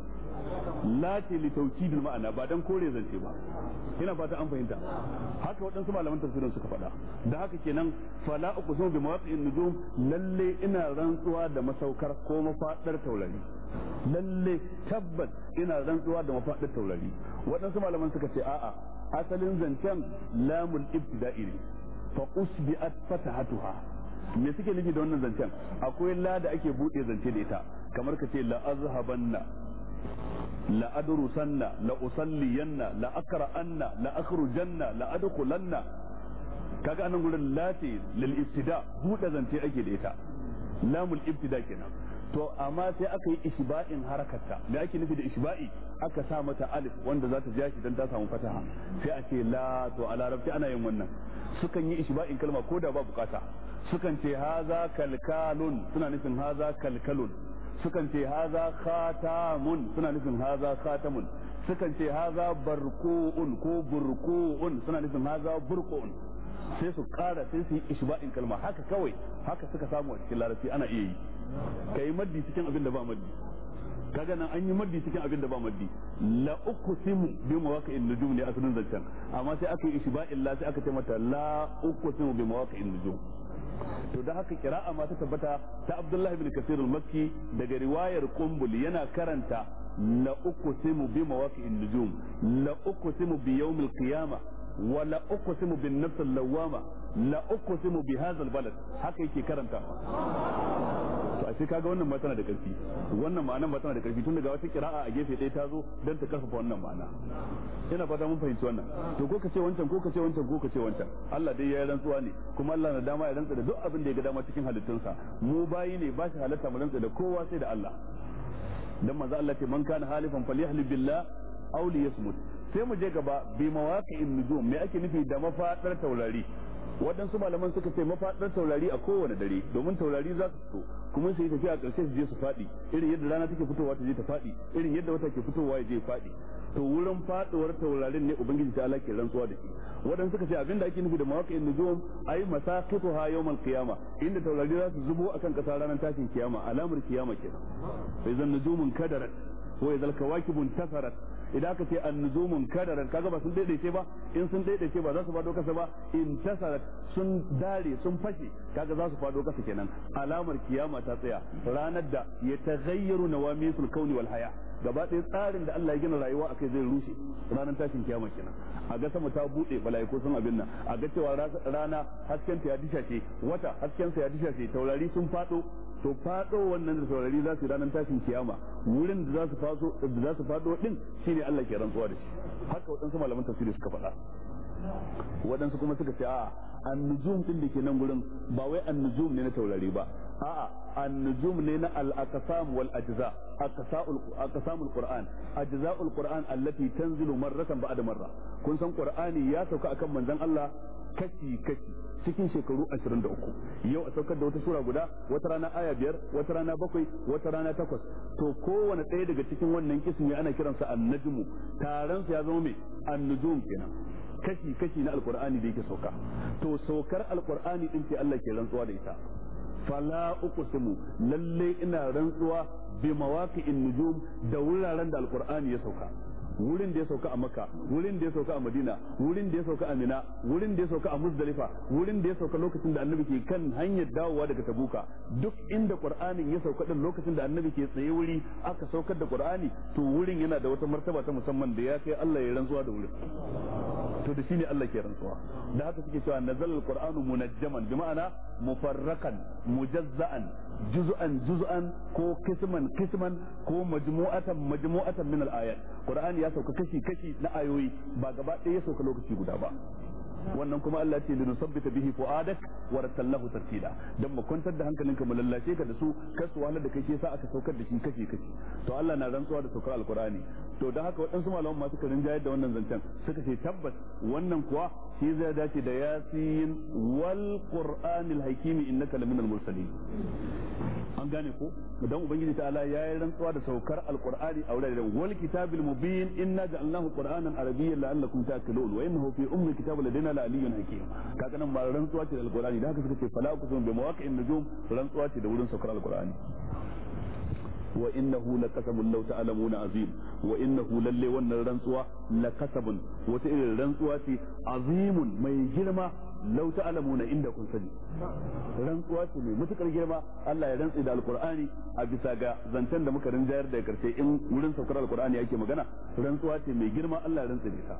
لا لتوكيد المعنى بعدم كوري زنتي با هنا فاتا an fahimta. haka waɗansu malaman tafsirin suka faɗa da haka kenan fala uqsimu bi mawaqi'in nujum lalle ina rantsuwa da masaukar ko mafaɗar taurari lalle tabbas ina rantsuwa da mafaɗar taurari waɗansu malaman suka ce a'a asalin zancen lamul ibtida'i ne fa usbi'at fatahatuha me suke nufi da wannan zancen akwai la da ake bude zance da ita kamar ka ce la azhabanna la adrusanna la usalliyanna la akra'anna la akhrujanna la adkhulanna kaga anan gurin la ce lil ibtida bude zance ake da ita lamul ibtida kenan to amma sai aka yi ishba'in harakarta me ake nufi da ishba'i aka sa mata alif wanda za ta ja shi dan ta samu fataha sai a ce la to a larabci ana yin wannan sukan yi ishba'in kalma ko da ba bukata sukan ce haza kalkalun suna nufin haza kalkalun sukan ce haza khatamun suna nufin haza khatamun sukan ce haza barku'un ko burku'un suna nufin haza burku'un sai su kara sai su yi ishba'in kalma haka kawai haka suka samu a cikin larabci ana iya yi ka yi maddi cikin abin da ba maddi kaga nan an yi maddi cikin abin da ba maddi la uqsimu bi mawaqi'in nujum ne asalin zancen amma sai aka yi ishba'in illa sai aka ce mata la uqsimu bi mawaqi'in nujum to da haka kira'a ma ta tabbata ta Abdullah ibn Kasir al-Makki daga riwayar Qumbul yana karanta la uqsimu bi mawaqi'in nujum la uqsimu bi yawm al-qiyamah wa la بالنفس bin لا lawama بهذا البلد bi يكي al balad haka yake to ashe kaga wannan ma da karfi wannan ma'anan ma da karfi tun daga wata kira'a a gefe ɗaya ta zo dan ta karfafa wannan ma'ana ina fata mun fahimci wannan to ko ka ce wancan ko ka ce wancan ko ka ce wancan Allah dai ya rantsuwa ne kuma Allah na dama ya rantsa da duk abin da ya ga dama cikin halittunsa mu bayi ne ba shi halatta mu rantsa da kowa sai da Allah dan manzo Allah ce man kana halifan falyahlib billah auli ya yasmut sai mu je gaba bi mawaqi'in nujum me ake nufi da mafadar taurari waɗansu malaman suka ce mafaɗar taurari a kowane dare domin taurari za su fito kuma su yi tafiya a ƙarshe su je su faɗi irin yadda rana take fitowa ta je ta faɗi irin yadda wata ke fitowa ya je faɗi to wurin faɗuwar taurarin ne ubangiji ta ala ke rantsuwa da shi waɗansu suka ce abinda ake nufi da mawaƙin nujum ai masaqitu ha yawmal qiyama inda taurari za su zubo akan ƙasa ranar tashin kiyama alamar kiyama kenan fa idan nujumun kadarat wa idal kawakibu intasarat idan aka ce an annuzumun kadaran kaga ba sun daidaice ba in sun daidaice ba za su fado kasa ba in tasarat sun dare sun fashe kaga za su fado kasa kenan alamar kiyama ta tsaya ranar da ya taghayyaru nawamisul kauni wal haya gaba ɗaya tsarin da Allah ya gina rayuwa akai zai rushe ranar tashin kiyama kenan a ga sama ta buɗe balaiko sun abin nan a ga cewa rana hasken ta ya dishace wata hasken sa ya dishace taurari sun faɗo to faɗo wannan da taurari za su ranar tashin kiyama wurin da za su faso da za su faɗo din shine Allah ke rantsuwa da shi haka waɗansu malaman tafsiri suka faɗa waɗansu kuma suka ce a annujum din da ke nan gurin ba wai annujum ne na taurari ba a annujum ne na al-aqsam wal ajza aqsamul qur'an ajzaul qur'an allati tanzilu marratan ba'da marra kun san qur'ani ya sauka akan manzon Allah kashi kashi cikin shekaru 23 yau a saukar da wata sura guda wata rana aya biyar wata rana bakwai wata rana takwas to kowane ɗaya daga cikin wannan kismi ana kiransa annajmu taron su ya zama mai annujum kenan kashi kashi na alqur'ani da yake sauka to saukar alkur'ani din ce Allah ke rantsuwa da ita fala uqsimu lalle ina rantsuwa bi mawaqi'in nujum da wuraren da alkur'ani ya sauka wurin da ya sauka a makka wurin da ya sauka a madina wurin da ya sauka a mina wurin da ya sauka a muzdalifa wurin da ya sauka lokacin da annabi ke kan hanyar dawowa daga tabuka duk inda qur'anin ya sauka din lokacin da annabi ke tsaye wuri aka saukar da qur'ani to wurin yana da wata martaba ta musamman da ya kai Allah ya rantsuwa da wurin to da shine Allah ke rantsuwa da haka suke cewa nazal qur'anu munajjaman bi ma'ana mufarrakan mujazza'an juz'an juz'an ko kisman kisman ko majmu'atan majmu'atan min al-ayat qur'ani ya sauka kashi kashi na ayoyi ba gaba ɗaya ya sauka lokaci guda ba wannan kuma Allah ce sabbata bihi fuadak wa ratallahu tartila dan mu kwantar da hankalinka mu lallace ka da su kar su da kai yasa aka saukar da shi kashi kashi to Allah na rantsuwa da saukar al al-qur'ani to dan haka waɗansu malaman masu karin rinjayar da wannan zancen suka ce tabbas wannan kuwa shi zai dace da yasin wal qur'anil hakimi innaka laminal mursalin an gane ko dan ubangiji ta ta'ala yayi rantsuwa da saukar alqur'ani a wuraren wal kitabil mubin inna ja'alnahu qur'anan arabiyyan la'allakum ta'qilun wa innahu fi ummi kitab ladaina la'aliyyun hakim kaga nan ba rantsuwa ce da alqur'ani da haka suka ce fala kusum bi mawaqi'in nujum rantsuwa ce da wurin saukar alqur'ani wa innahu laqasabun law na azim wa innahu lalle wannan rantsuwa laqasabun wata irin rantsuwa ce azimun mai girma law ta'lamuna inda kun sani rantsuwa ce mai mutukar girma Allah ya rantsi da alqur'ani a bisa ga zancen da muka rinjayar da karshe in wurin saukar alqur'ani ake magana rantsuwa ce mai girma Allah ya rantsi da ita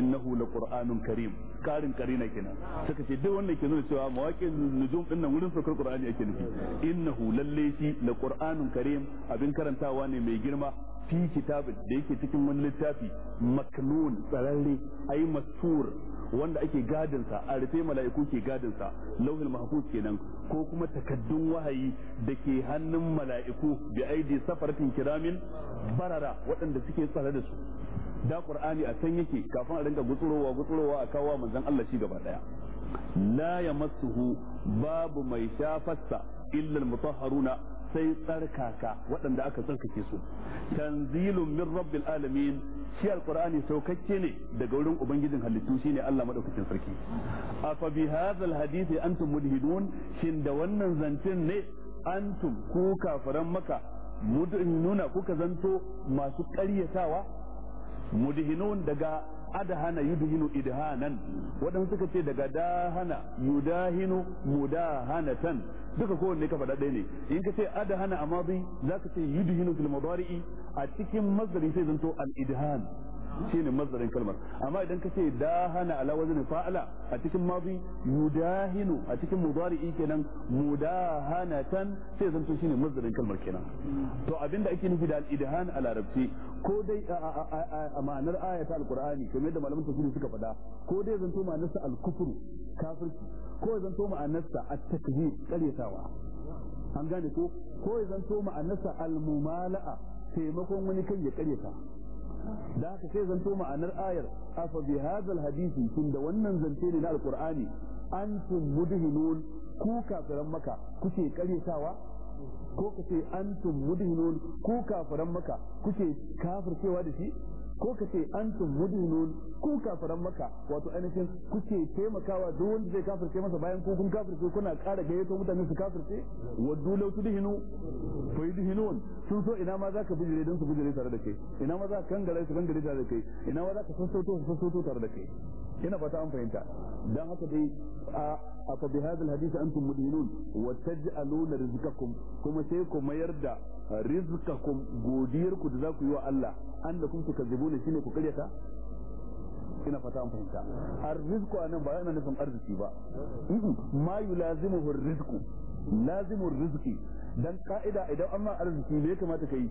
innahu laqur'anun karim karin karina kenan suka ce duk wanda ke nuna cewa mawaƙin nujum din nan wurin saukar qur'ani ake nufi innahu lalle shi laqur'anun karim abin karantawa ne mai girma fi kitabin da yake cikin wani littafi maknun tsararre ai mastur wanda ake gadinsa a rufe mala'iku ke gadinsa lauhin mahfuz kenan ko kuma takaddun wahayi da ke hannun mala'iku bi aidi safaratin kiramin barara waɗanda suke tsare da su da qur'ani a can yake kafin a rinka gutsurowa gutsurowa a kawo manzon Allah shi gaba daya la yamassuhu babu mai shafarsa illa almutahharuna sai tsarkaka waɗanda aka tsarkake su tanzilun min rabbil alamin shi alqur'ani saukakke ne daga wurin ubangijin halittu shine Allah madaukakin sarki afa bi hadhal hadithi antum mudhidun shin da wannan zancen ne antum ku kafiran maka nuna kuka zanto masu ƙaryatawa mudhinun daga adhana yudhinu idhanan wadanda suka ce daga dahana yudahinu mudahanatan duka kowanne ka faɗa ɗaya ne in ka ce adhana a madi ka ce yudhinu fil mudari'i a cikin mazari sai zanto al idhan shine mazdarin kalmar amma idan ka ce dahana ala wazn fa'ala a cikin madi yudahinu a cikin mudari'i kenan mudahanatan sai zanto shine mazdarin kalmar kenan to abinda ake nufi da al-idhan a larabci ko dai a ma'anar al alqur'ani kamar yadda malaman tafsiri suka faɗa ko dai zanto ma'anarsa al kufr kafirci ko zanto ma'anarsa at-takzib karyatawa an gane ko ko zanto ma'anarsa al-mumala'a taimakon wani kan ya karyata da haka sai zanto ma'anar ayar afa bi hadha hadisi tunda wannan zance ne na alqur'ani antum mudhinun ku kafiran maka kuke karyatawa ko kace antum mudhinun ku kafiran maka kuke kafircewa da shi ko ka ce antum mudinun ku kafiran maka wato ainihin kuke taimakawa duk wanda zai kafirce masa bayan ku kun kafirce kuna ƙara gayyato mutane su kafirce waddu law tudhinu fa yudhinun sun so ina ma zaka bijire dan su bijire tare da kai ina ma zaka kangare su kangare tare da kai ina ma zaka sassoto su sassoto tare da kai ina fata an fahimta dan haka dai a fa bihadhal hadith antum mudinun wa taj'aluna rizqakum kuma sai ku mayar da rizqakum godiyar ku da za ku yi wa Allah an da annakum tukazzibuna shine ku karyata ina fata an fahimta arzikku anan ba yana nufin arziki ba ma yulazimu rizqu lazimu rizqi dan ka'ida idan an ma arziki me ya kamata ka yi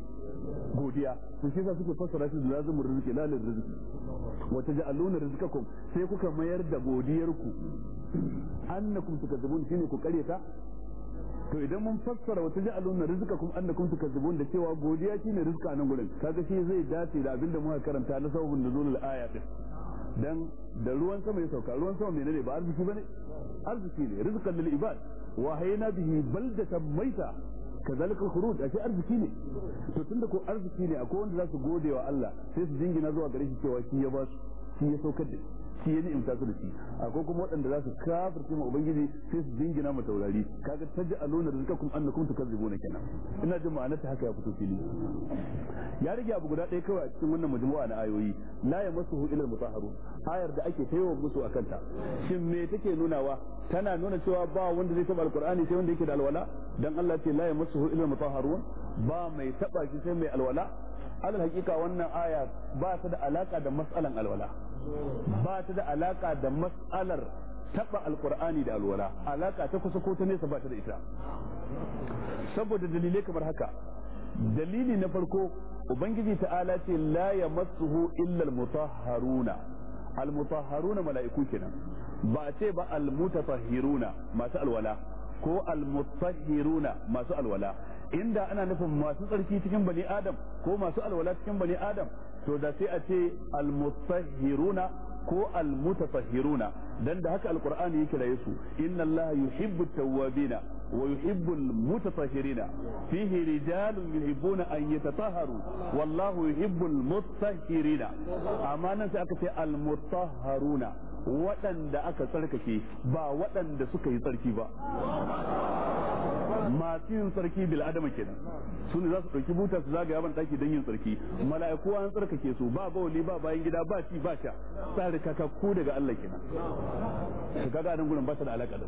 godiya to shi yasa suke fassara shi da lazimur rizqi la lil rizqi wa taj'aluna rizqakum sai kuka mayar da godiyarku annakum tukadzibun shine ku karyata to idan mun fassara wata ja'aluna rizqakum annakum tukazzibun da cewa godiya shine rizqa nan gurin kaga shi zai dace da abinda muka karanta na sababin nuzulul ayatin dan da ruwan sama ya sauka ruwan sama menene ba arziki bane arziki ne rizqan lil ibad wa hayna bihi baldatan maita kazalika khuruj ashe arziki ne to tunda ko arziki ne akwai wanda za su gode wa Allah sai su jingina zuwa gare shi cewa shi ya ba shi ya saukar da shi shi ya ni'imta su da shi akwai kuma waɗanda za su kafirce ma ubangiji sai su dingina ma taurari kaga taj'aluna rizqakum annakum na kenan ina jin ma'anar ta haka ya fito fili ya rage abu guda ɗaya kawai a cikin wannan majmu'a na ayoyi la yamassuhu illa mutahharun ayar da ake taiwa musu akan ta shin me take nunawa tana nuna cewa ba wanda zai taba alqur'ani sai wanda yake da alwala dan Allah ce la yamassuhu illa mutahharun ba mai taba shi sai mai alwala alal hakika wannan aya ba ta da alaka da mas'alan alwala ba ta da alaka da mas'alar taba alqur'ani da alwala alaka ta kusa ko ta nesa ba ta da ita saboda dalilai kamar haka dalili na farko ubangiji ta'ala ce la yamassuhu illa almutahharuna almutahharuna mala'iku kenan ba ce ba almutatahhiruna masu alwala ko almutahhiruna masu alwala inda ana nufin masu tsarki cikin bani adam ko masu alwala cikin bani adam to da sai a ce almutahhiruna ko almutatahhiruna dan da haka alqur'ani yake raye su inna allaha yuhibbu tawwabina wa yuhibbu almutatahhirina fihi rijalun yuhibbuna an yatatahharu wallahu yuhibbu almutahhirina amma nan sai aka ce almutahharuna waɗanda aka tsarkake ba waɗanda suka yi tsarki ba masu yin tsarki bil adama kenan su ne za su ɗauki buta su zagaya ban ɗaki don yin tsarki mala'iku an tsarkake su ba bauli ba bayan gida ba ci ba sha tsari daga Allah kenan ka kaga nan gurin ba da alaƙa da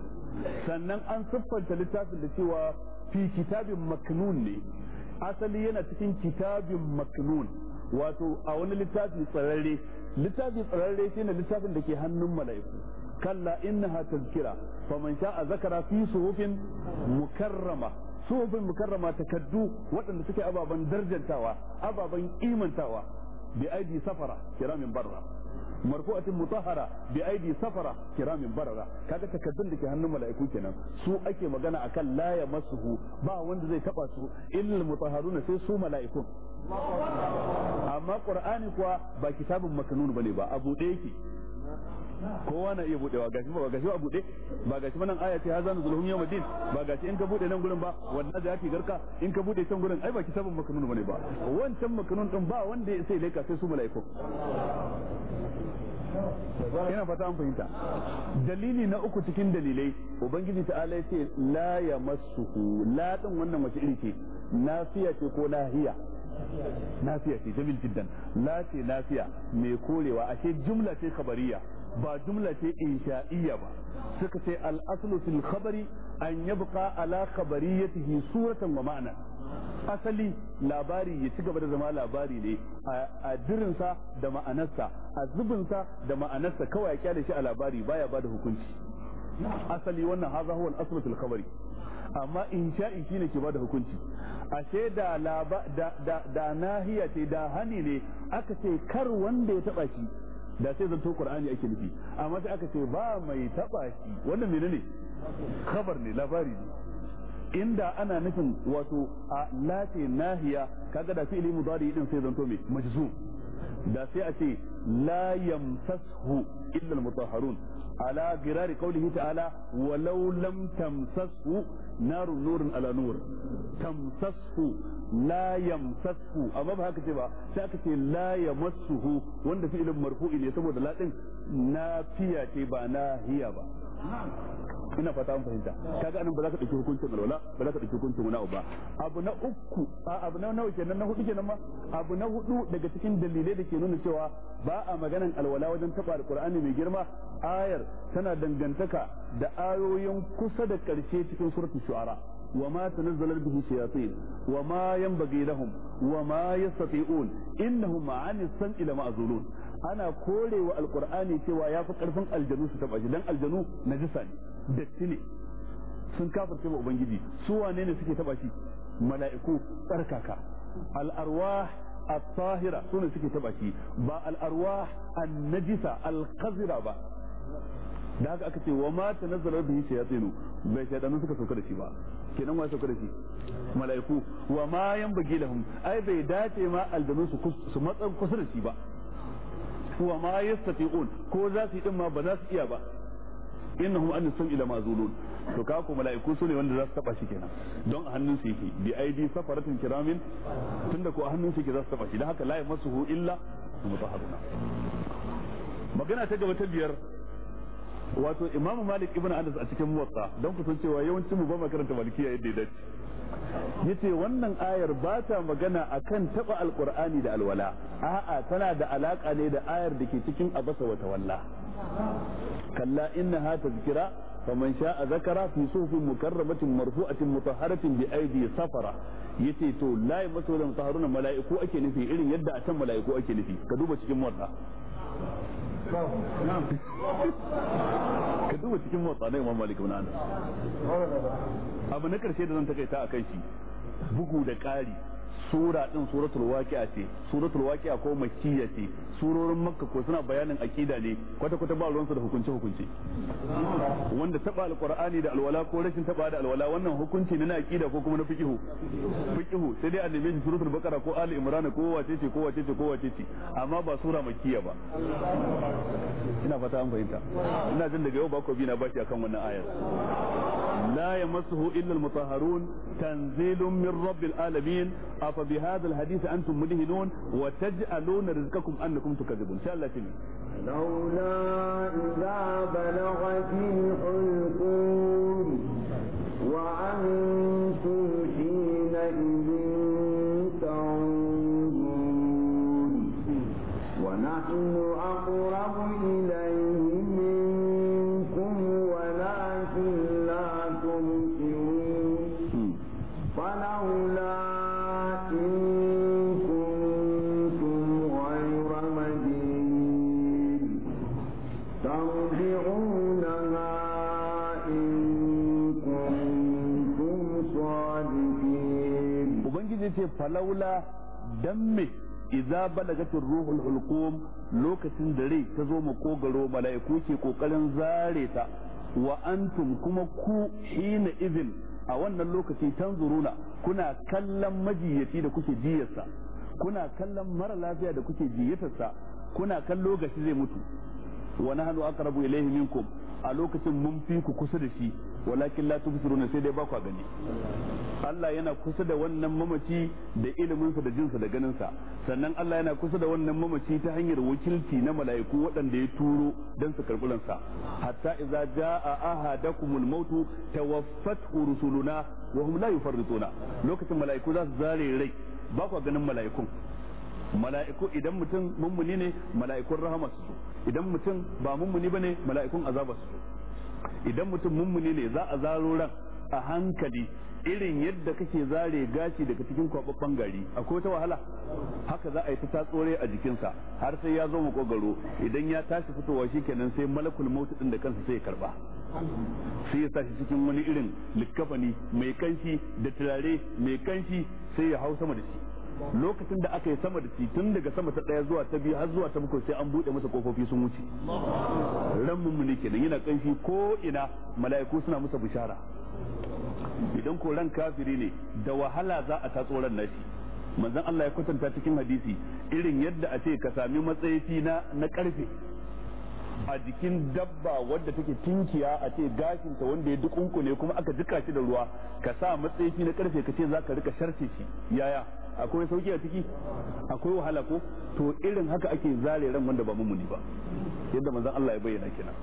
sannan an siffanta littafin da cewa fi kitabin maknun ne asali yana cikin kitabin maknun wato a wani littafi tsararre littafi tsararre ne littafin da ke hannun mala'iku kalla innaha tazkira man sha'a zakara fi suhufin mukarrama suhufin mukarrama takaddu waɗanda suke ababen darjantawa ababen imantawa bi aidi safara kiramin barra marfu'atin mutahhara bi aidi safara kiramin barara kaga takaddun da ke hannun mala'iku kenan su ake magana akan la masuhu ba wanda zai taba su illal mutahharuna sai su mala'ikun amma qur'ani kuwa ba kitabun makanun bane ba abu da yake kowa na iya budewa gashi ba gashi ba bude ba gashi ba nan aya ce hazanu zulhum din ba gashi in ka bude nan gurin ba wannan da yake garka in ka bude can gurin ai ba kitabun makanun bane ba wancan makanun din ba wanda sai laika sai su mala'iku yana fata an fahimta dalili na uku cikin dalilai ubangiji ta ala ce la ya masuhu la din wannan mace iri ce nafiya ce ko lahiya nafiya ce jamil jiddan la ce nafiya mai korewa ashe jumla ce kabariya. ba jumla ce insha'iyya ba suka ce al'aslu fil khabari an yabqa ala khabariyatihi suratan wa ma'ana asali labari ya ci gaba da zama labari ne a dirinsa da ma'anarsa a zubinsa da ma'anarsa kawai ya kyale shi a labari baya bada hukunci asali wannan haza huwa al'aslu fil khabari amma insha'i shine ke bada hukunci ashe da da da nahiya ce da hani ne aka ce kar wanda ya taba shi da sai zanto qur'ani ake nufi amma sai aka ce ba mai taba shi wannan menene khabar ne labari ne inda ana nufin wato a lati nahiya kaga da fi'li mudari din sai zanto me majzum da sai a ce la yamsashu illa al-mutahharun ala girari qawlihi ta'ala walau lam tamsashu na nurun ala nur tamsashu la yamsashu amma ba haka ce ba sai aka ce la yamassuhu wanda fi'ilin marfu'i ne saboda laɗin din nafiya ce ba nahiya ba ina fata an fahimta kaga anan ba za ka dauki hukuncin alwala ba za ka dauki hukuncin wani abu ba abu na uku abu na nawa kenan na hudu kenan ma abu na hudu daga cikin dalilai da ke nuna cewa ba a maganan alwala wajen taba alqur'ani mai girma ayar tana dangantaka da ayoyin kusa da karshe cikin suratul shu'ara وما تنزل به الشياطين وما ينبغي لهم وما يستطيعون إنهم عن السمع لمعزولون ana korewa alqur'ani cewa ya fi karfin aljanu su taba shi dan aljanu najisa ne datti ne sun kafirce wa ubangiji su wane ne suke taba shi mala'iku tsarkaka al-arwah at-tahira ne suke taba shi ba al-arwah an-najisa al-qazira ba da haka aka ce wa ma tanazzala bihi shayatinu bai shaydanu suka sauka da shi ba kenan wa sauka da shi mala'iku wa ma yanbaghi lahum ai bai dace ma aljanu su su matsan kusa da shi ba wa ma yastati'un ko za su yi din ma ba za su iya ba innahum an sam'i la mazulun to ka ko mala'iku su ne wanda za su taba shi kenan don a hannun su yake bi aidi safaratin kiramin tunda ko a hannun su yake za su taba shi dan haka la yamassuhu illa mutahharuna magana ta gaba ta biyar wato imam malik ibn anas a cikin muwatta don ku san cewa yawancin mu ba ma karanta malikiya yadda ya dace yace wannan ayar ba ta magana akan taba alqur'ani da alwala a'a tana da alaka ne da ayar da ke cikin abasa wa tawalla kalla inna ha tazkira faman sha'a zakara fi suhufin mukarramatin marfu'atin mutahharatin bi aidi safara yace to la yamsul mutahharuna mala'iku ake nufi irin yadda a can mala'iku ake nufi ka duba cikin motsa ka duba cikin motsa na imam malik ibn anas abu na karshe da zan takaita a kan shi bugu da ƙari sura din suratul waqi'a ce suratul waqi'a ko makkiyya ce surorin makka ko suna bayanin akida ne kwata kwata ba ruwansu da hukunce hukunce wanda taba alqur'ani da alwala ko rashin taba da alwala wannan hukunci ne na akida ko kuma na fiqihu fiqihu sai dai annabi shi suratul baqara ko ali imran ko wace ce ko wace ce ko wace ce amma ba sura makkiyya ba ina fata an fahimta ina jin daga yau ba ko bi na bashi akan wannan ayar la yamassuhu illa almutahharun tanzilun min rabbil alamin أفبهذا الحديث أنتم مدهنون وتجعلون رزقكم أنكم تكذبون شاء الله تمي لولا إذا بلغت الحلقون وأنتم حينئذ ce falaula dan me idza balagatir ruhul hulqum lokacin da rai ta zo mu kogaro mala'iku ke kokarin zare ta wa antum kuma ku hina izin a wannan lokaci tanzuruna kuna kallon majiyaci da kuke jiyarsa kuna kallon mara lafiya da kuke jiyatarsa kuna kallo gashi zai mutu wa nahnu aqrabu ilayhi minkum a lokacin mun fi ku kusa da shi walakin la tubsiruna sai dai ba ku gani Allah yana kusa da wannan mamaci da iliminsa da sa da ganinsa sannan Allah yana kusa da wannan mamaci ta hanyar wakilci na mala'iku waɗanda ya turo dan su karɓi ransa hatta idza jaa ahadakumul mautu tawaffathu rusuluna wa hum la yufarrituna lokacin mala'iku za su zare rai ba ku ganin mala'ikun mala'iku idan mutum mummuni ne mala'ikun rahama su idan mutum ba mummuni bane mala'ikun azaba su idan mutum mummuni ne za a zaro ran a hankali irin yadda kake zare gashi daga cikin kwababban gari akwai wata wahala haka za a yi ta tsore a jikinsa har sai ya zo mu ƙogaro idan ya tashi fitowa shikenan sai malakul mautu din da kansa sai ya karba sai ya tashi cikin wani irin likkafani mai kanshi da turare mai kanshi sai ya hau sama da shi lokacin da aka yi sama da shi daga sama ta ɗaya zuwa ta biyu har zuwa ta bakwai sai an buɗe masa kofofi sun wuce ran ke nan yana kanshi ko ina mala'iku suna masa bishara idan ko ran kafiri ne da wahala za a tatso ran nashi manzon Allah ya kwatanta cikin hadisi irin yadda a ce ka sami matsayi na na karfe a jikin dabba wadda take tinkiya a ce gashinta wanda ya dukunku ne kuma aka jika shi da ruwa ka sa matsayi na karfe ka ce za ka rika sharce shi yaya akwai sauki a ciki akwai wahala ko to irin haka ake zare ran wanda ba muni ba yadda manzon Allah ya bayyana kenan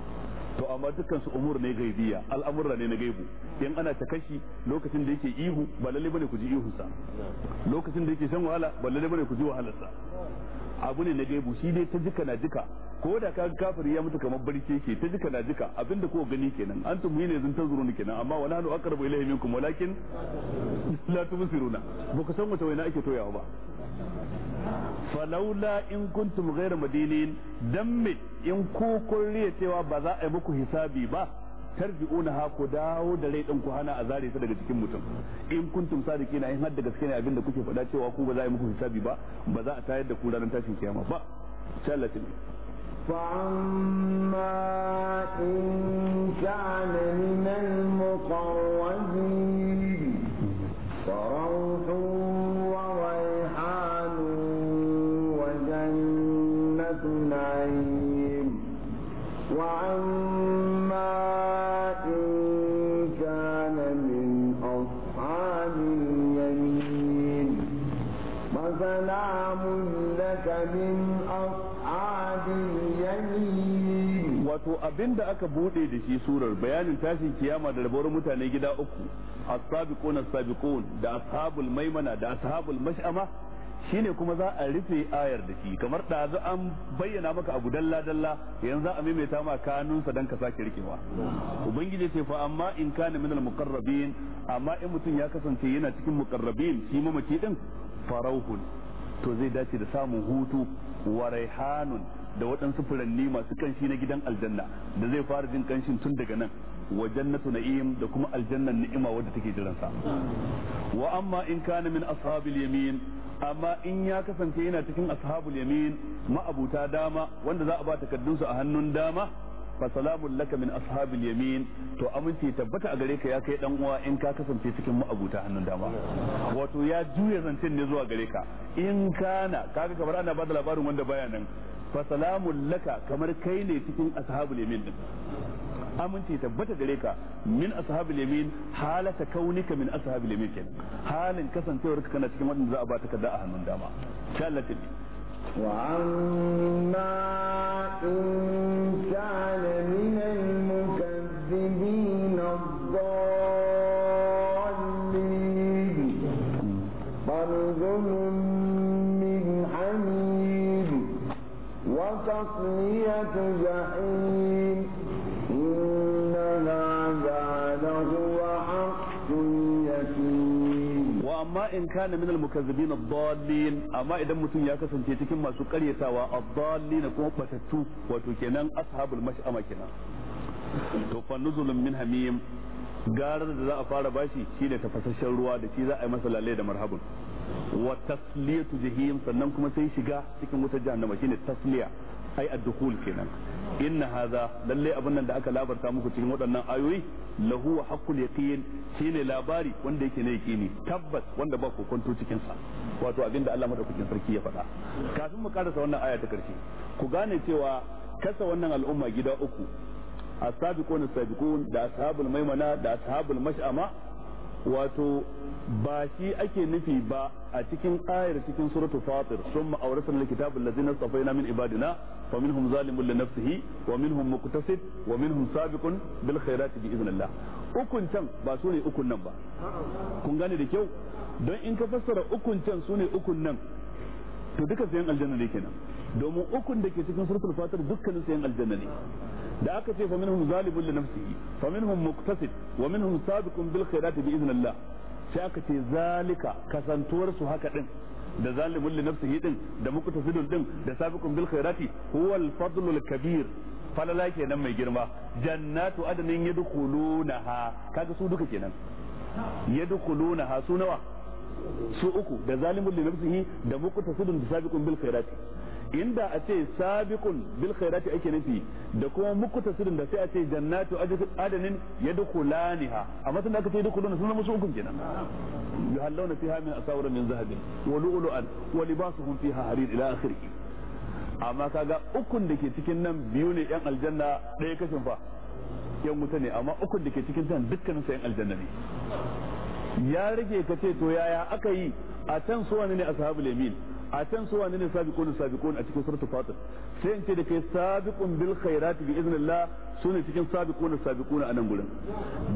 to amma dukkan su umur ne gaibiya al'amurra ne na gaibu in ana ta kashi lokacin da yake ihu ba lalle bane ku ji ihun sa lokacin da yake shan wahala ba lalle bane ku ji wahalar sa abu ne na gaibu shi dai ta jika na jika ko da ka kafiri ya mutu kamar barke ke ta jika na jika abinda ko gani kenan an tumhi ne zan tanzuru ni kenan amma wala nu aqrabu ilayhi minkum walakin la tubsiruna ba san wata waina ake toyawa ba falaula in kuntum ghayra madinin dan me in ku kun riya cewa ba za a yi muku hisabi ba tarji'una ha ku dawo da rai din ku hana a zare daga cikin mutum in kuntum sadiqina in har da gaske ne abinda kuke faɗa cewa ku ba za a yi muku hisabi ba ba za a tayar da ku ranar tashin kiyama ba sallatin فأما إن كان من المقربين فروح أما إن wato abin da aka buɗe da shi surar bayanin tashin kiyama da rabuwar mutane gida uku as-sabiqun da ashabul maimana da ashabul mash'ama Shi ne kuma za a rufe ayar da shi kamar ɗazu an bayyana maka abu dalla dalla yanzu za a maimaita ma kanunsa dan ka sake rikewa ubangiji ce fa amma in kana min al muqarrabin amma in mutum ya kasance yana cikin muqarrabin shi mamaci din farauhun to zai dace da samun hutu wa raihanun da waɗansu furanni masu kanshi na gidan aljanna da zai fara jin kanshin tun daga nan wa jannatu na'im da kuma aljannan ni'ima wadda take jiransa sa wa amma in kana min ashabil yamin amma in ya kasance yana cikin ashabul yamin ma'abuta dama wanda za a ba takaddun su a hannun dama fa salamun laka min ashabil yamin to aminci tabbata a gare ka ya kai dan uwa in ka kasance cikin ma'abuta hannun dama wato ya juya zancen ne zuwa gare ka in kana kaga kamar ana ba da labarin wanda baya nan فسلام لك كما كيني تكون أصحاب اليمين أمنتي تبت ذلك من أصحاب اليمين حالة كونك من أصحاب اليمين كنا حال كسن تورك كنا تكمل من زاباتك داها من داما شالة وعما كان من المكذبين الضالين فارجمون وتصلية جحيم إن هذا لهو حق اليقين وأما إن كان من المكذبين الضالين أما إذا متن يكسن تيتكم ما سكرية والضالين كون فتتو وتكنان أصحاب المشأمة كنان to min hamim garar da za a fara bashi shine tafasasshen ruwa da shi za a yi masa lalle da marhabun wa tasliyatu jahim sannan kuma sai shiga cikin wutar jahannama shine tasliya ai ad-dukhul kenan inna hadha lalle abin nan da aka labarta muku cikin waɗannan ayoyi lahu haqqul yaqin shine labari wanda yake ne yaqini tabbas wanda ba ku kwanto cikin sa wato abin da Allah madaukakin sarki ya faɗa kafin mu karasa wannan aya ta karshe ku gane cewa kasa wannan al'umma gida uku as-sabiquna as-sabiqun da ashabul maimana da ashabul mash'ama wato ba shi ake nufi ba a cikin ayar cikin suratu fatir summa awrasna na allazina safaina min ibadina fa min faminhum zalimun li nafsihi wa minhum muqtasid wa minhum sabiqun bil khairati bi idhnillah ukun can ba su ne ukun nan ba kun gane da kyau don in ka fassara ukun can su ne ukun nan to duka sayan aljanna ne kenan domin ukun da ke cikin suratul fatir dukkanin sayan aljanna ne da aka ce fa minhum zalibun li nafsihi fa minhum muqtasid wa minhum sabiqun bil khairati bi idnillah sai aka ce zalika kasantuwar su haka din da zalibun li nafsihi din da muqtasidun din da sabiqun bil khairati huwa al fadlul kabir falala kenan mai girma jannatu adnin yadkhulunaha kaga su duka kenan yadkhulunaha su nawa su uku da zalimun li nafsihi da muqtasidun da sabiqun bil khairati inda a ce sabiqun bil khairati ake nufi da kuma muqtasirin da sai a ce jannatu adanin yadkhulaniha amma tun da aka ce yadkhuluna sun zama su ukun kenan yuhallawna fiha min asawir min zahabin wa lu'lu'an wa libasuhum fiha harir ila akhirih amma kaga ukun da ke cikin nan biyu ne yan aljanna ɗaya kashin fa yan wuta ne amma ukun da ke cikin nan dukkanin sa yan aljanna ne ya rage ka ce to yaya aka yi a can su wani ne ashabul yamin a can su wane ne sabiqun sabiqun a cikin suratul fatir sai in ce da kai sabiqun bil khairati bi iznillah su ne cikin sabiquna sabiquna a nan gurin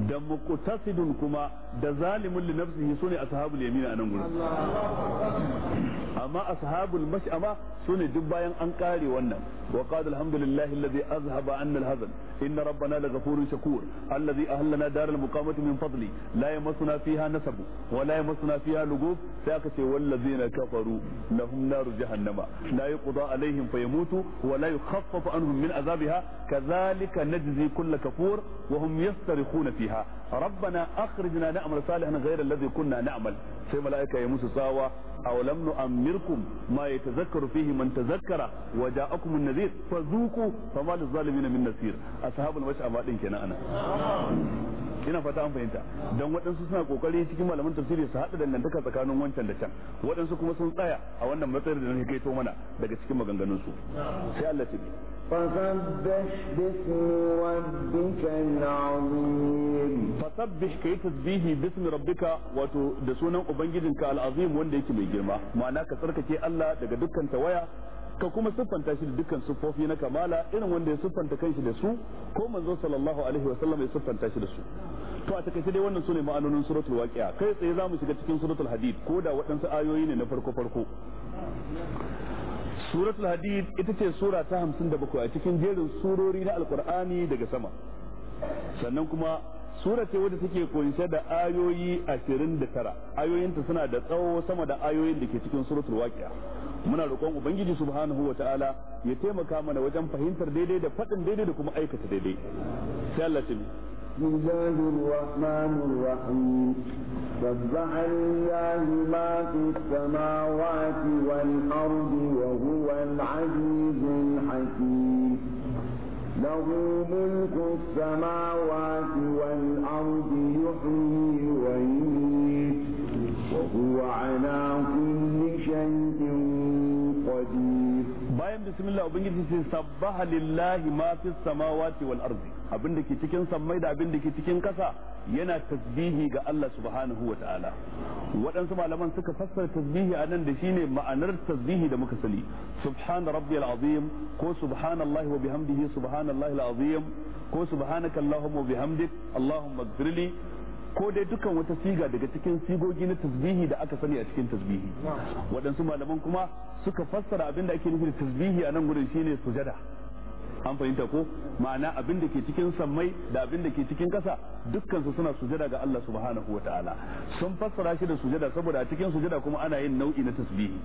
da muqtasidun kuma da zalimun li nafsihi su ne ashabul yamin a nan gurin amma ashabul mash'ama su ne duk bayan an kare wannan wa qad alhamdulillahi alladhi azhaba anna alhazan inna rabbana laghafurun shakur alladhi ahlana dar almuqamati min fadli la yamassuna fiha nasab wa la yamassuna fiha lugub sai aka ce wallazina kafaru lahum naru jahannama la yuqda alaihim fayamutu wa la yukhaffafu anhum min azabiha kadhalika نجزي كل كفور وهم يسترخون فيها ربنا أخرجنا نعمل صالحا غير الذي كنا نعمل سيما mala'ika ya musu tsawa aw lam nu'ammirkum ma yatazakkaru fihi man tazakkara wa ja'akum an-nadhir fazuqu fama lizzalimin min nasir ashabul mash'ama din kenan ina fata an fahimta dan waɗansu suna kokari cikin malaman tafsiri su haɗa dangantaka tsakanin wancan da can waɗansu kuma sun tsaya a wannan matsayar da nake kaito mana daga cikin maganganun su sai Allah ta bi fasabbih bismi rabbikal fasabbih kai tasbihi bismi rabbika wato da sunan ubangijinka al'azim wanda yake mai girma ma'ana ka tsarkake Allah daga dukkan tawaya ka kuma siffanta shi da dukkan siffofi na kamala irin wanda ya siffanta kanshi da su ko manzo sallallahu alaihi wa sallam ya siffanta shi da su to a takaice dai wannan sune ma'anonin suratul waqi'a kai tsaye zamu shiga cikin suratul hadid ko da waɗansu ayoyi ne na farko farko suratul hadid ita ce sura ta 57 a cikin jerin surori na alqur'ani daga sama sannan kuma sura ce wadda take kunshe da ayoyi 29 ayoyinta suna da tsawo sama da ayoyin da ke cikin suratul waqi'a muna roƙon ubangiji subhanahu wataala ya taimaka mana wajen fahimtar daidai da faɗin daidai da kuma aikata daidai sai Allah ta بسم الله الرحمن الرحيم سبح لله ما في السماوات والأرض وهو العزيز الحكيم له ملك السماوات والأرض يحيي ويميت وهو على كل شيء bismillah ubangiji lillahi ma samawati wal ardi abinda da abinda kasa yana tasbihi ga Allah subhanahu waɗansu malaman suka fassara tasbihi a nan da ne ma'anar tasbihi da muka sani subhana rabbiyal azim ko subhanallahi wa bihamdihi subhanallahi al azim ko subhanaka allahumma ko dai dukan wata siga daga cikin sigogi na tasbihi da aka sani a cikin tasbihi waɗansu malaman kuma suka fassara abin da ake nufi da tasbihi a nan gurin shine sujada an fahimta ko ma'ana abin da ke cikin sammai da abin da ke cikin ƙasa dukkan su suna sujada ga Allah subhanahu wa ta'ala sun fassara shi da sujada saboda a cikin sujada kuma ana yin nau'i na tasbihi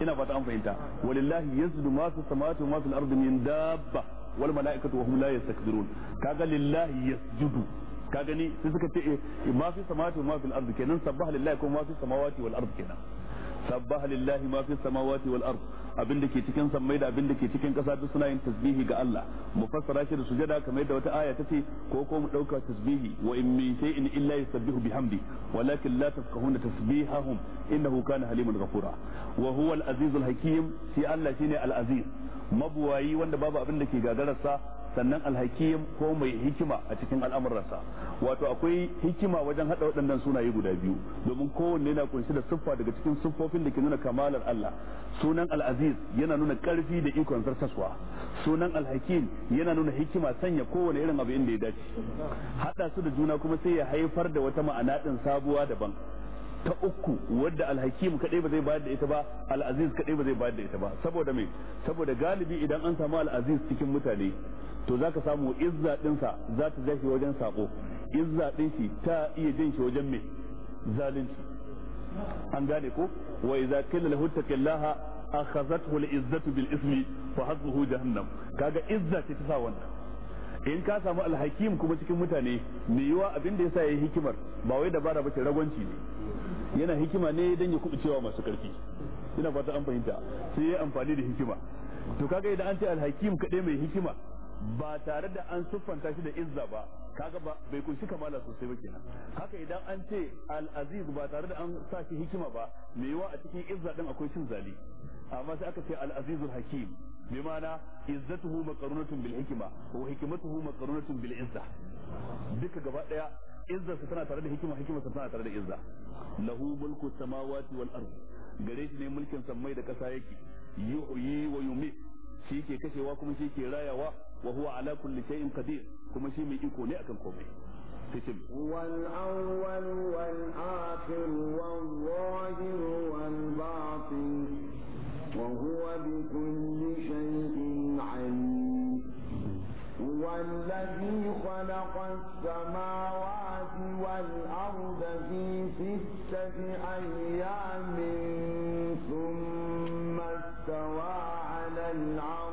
ina fata an fahimta walillahi yasjudu ma fi samawati wa ma fil ardi min dabba wal malaikatu wa hum la yastakbirun kaga lillahi yasjudu ka gani sai suka ce eh, ma fi samawati ma fil ardi kenan sabbaha lillahi kuma ma fi samawati wal ardi kenan sabbaha lillahi ma fi samawati wal ard abin ke cikin sammai da abinda ke cikin kasa duk suna yin tasbihi ga Allah mu fassara shi da sujada kamar yadda wata aya tace ko ko mu dauka tasbihi wa in min shay'in illa yusabbihu bihamdi walakin la tafqahuna tasbihahum innahu kana haliman ghafura wa huwa al aziz al hakim shi Allah shine al aziz mabuwayi wanda babu abinda da ke gagararsa sannan alhakim ko mai hikima a cikin al'amuransa wato akwai hikima wajen hada waɗannan sunaye guda biyu domin kowanne yana kunshi da siffa daga cikin siffofin da ke nuna kamalar Allah sunan al'aziz yana nuna ƙarfi da ikon zartaswa sunan alhakim yana nuna hikima sanya kowane irin abu inda ya dace hada su da juna kuma sai ya haifar da wata ma'ana din sabuwa daban ta uku wadda alhakim kadai ba zai bayar da ita ba al'aziz kadai ba zai bayar da ita ba saboda me saboda galibi idan an samu al'aziz cikin mutane to zaka samu izza dinsa za ta zafi wajen sako izza din shi ta iya jin shi wajen me zalunci an gane ko wa idza qila lahu taqillaha akhazathu al-izzatu bil ismi fa hadhuhu jahannam kaga izza ce ta sa wannan in ka samu alhakim kuma cikin mutane me yiwa abin da yasa yayi hikimar ba wai dabara bace ragwanci ne yana hikima ne dan ya cewa masu karfi ina fata an fahimta sai yayi amfani da hikima to kaga idan an ce alhakim kadai mai hikima ba tare da an siffanta shi da izza ba kaga ba bai kunshi kamala sosai ba kenan haka idan an ce al-aziz ba tare da an sa shi hikima ba me yiwa a cikin izza din akwai cin zali amma sai aka ce al-azizul hakim بمعنى عزته مقرونة بالحكمة وحكمته مقرونة بالعزة ذلك قبع يا عزة ستنا ترى حكمة حكمة ستنا ترى عزة له ملك السماوات والأرض قريت لي ملك سميد كسائك يحيي ويميت شيء كي كشي واكم شيء كي رايا وهو على كل شيء قدير كما شيء من يكون يأكل كومي تتم هو الأول والآخر والظاهر والباطن وهو بكل شيء عليم هو الذي خلق السماوات والأرض في ستة أيام ثم استوى على العرش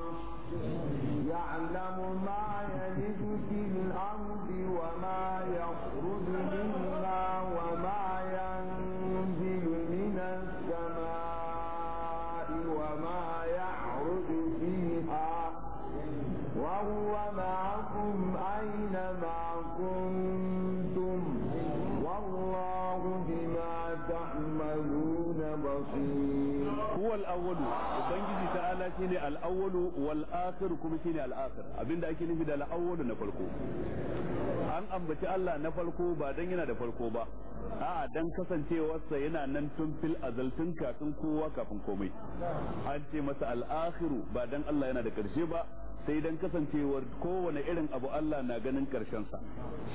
awwalu ubangiji ta'ala shine al awwalu wal akhir kuma shine al akhir abinda ake nufi da al na farko an ambaci Allah na farko ba dan yana da farko ba a'a dan kasancewarsa yana nan tun fil azal tun kafin kowa kafin komai an ce masa al ba dan Allah yana da karshe ba sai dan kasancewar kowane irin abu Allah na ganin karshen sa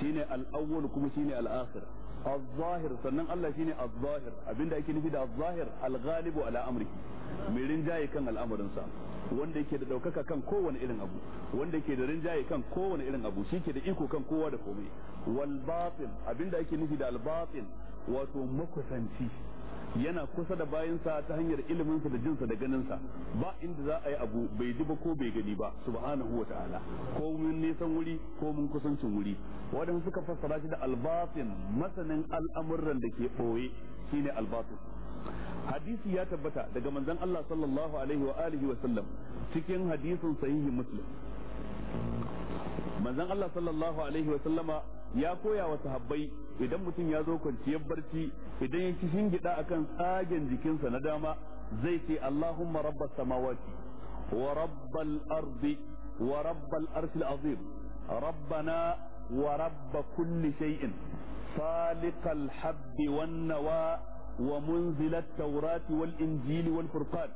shine al-awwal kuma shine al-akhir al-zahir sannan Allah shine al-zahir abinda ake nufi da al-zahir al-ghalibu ala amri mai rinjaye kan al'amarin sa wanda yake da daukaka kan kowane irin abu wanda yake da rinjaye kan kowane irin abu shike da iko kan kowa da komai wal batin abinda ake nufi da al-batin wato makusanci yana kusa da bayansa ta hanyar iliminsa da jinsa da ganinsa ba inda za a yi abu bai ji ba ko bai gani ba subhanahu wa ta'ala ko mun nisan wuri ko mun kusancin wuri wadanda suka fassara shi da albatin masanin al'amuran da ke boye shine albatin hadisi ya tabbata daga manzon Allah sallallahu alaihi wa alihi wa sallam cikin hadisin sahihi muslim manzon Allah sallallahu alaihi wa sallama ya koya wa sahabbai idan mutum ya zo kwanciyar barci idan ya ci gida akan tsagen jikinsa na dama zai ce Allahumma rabbas samawati wa rabbal ardi wa rabbal arshil azim rabbana wa rabb kulli shay'in خالق الحب والنوى ومنزل التوراة والإنجيل والفرقان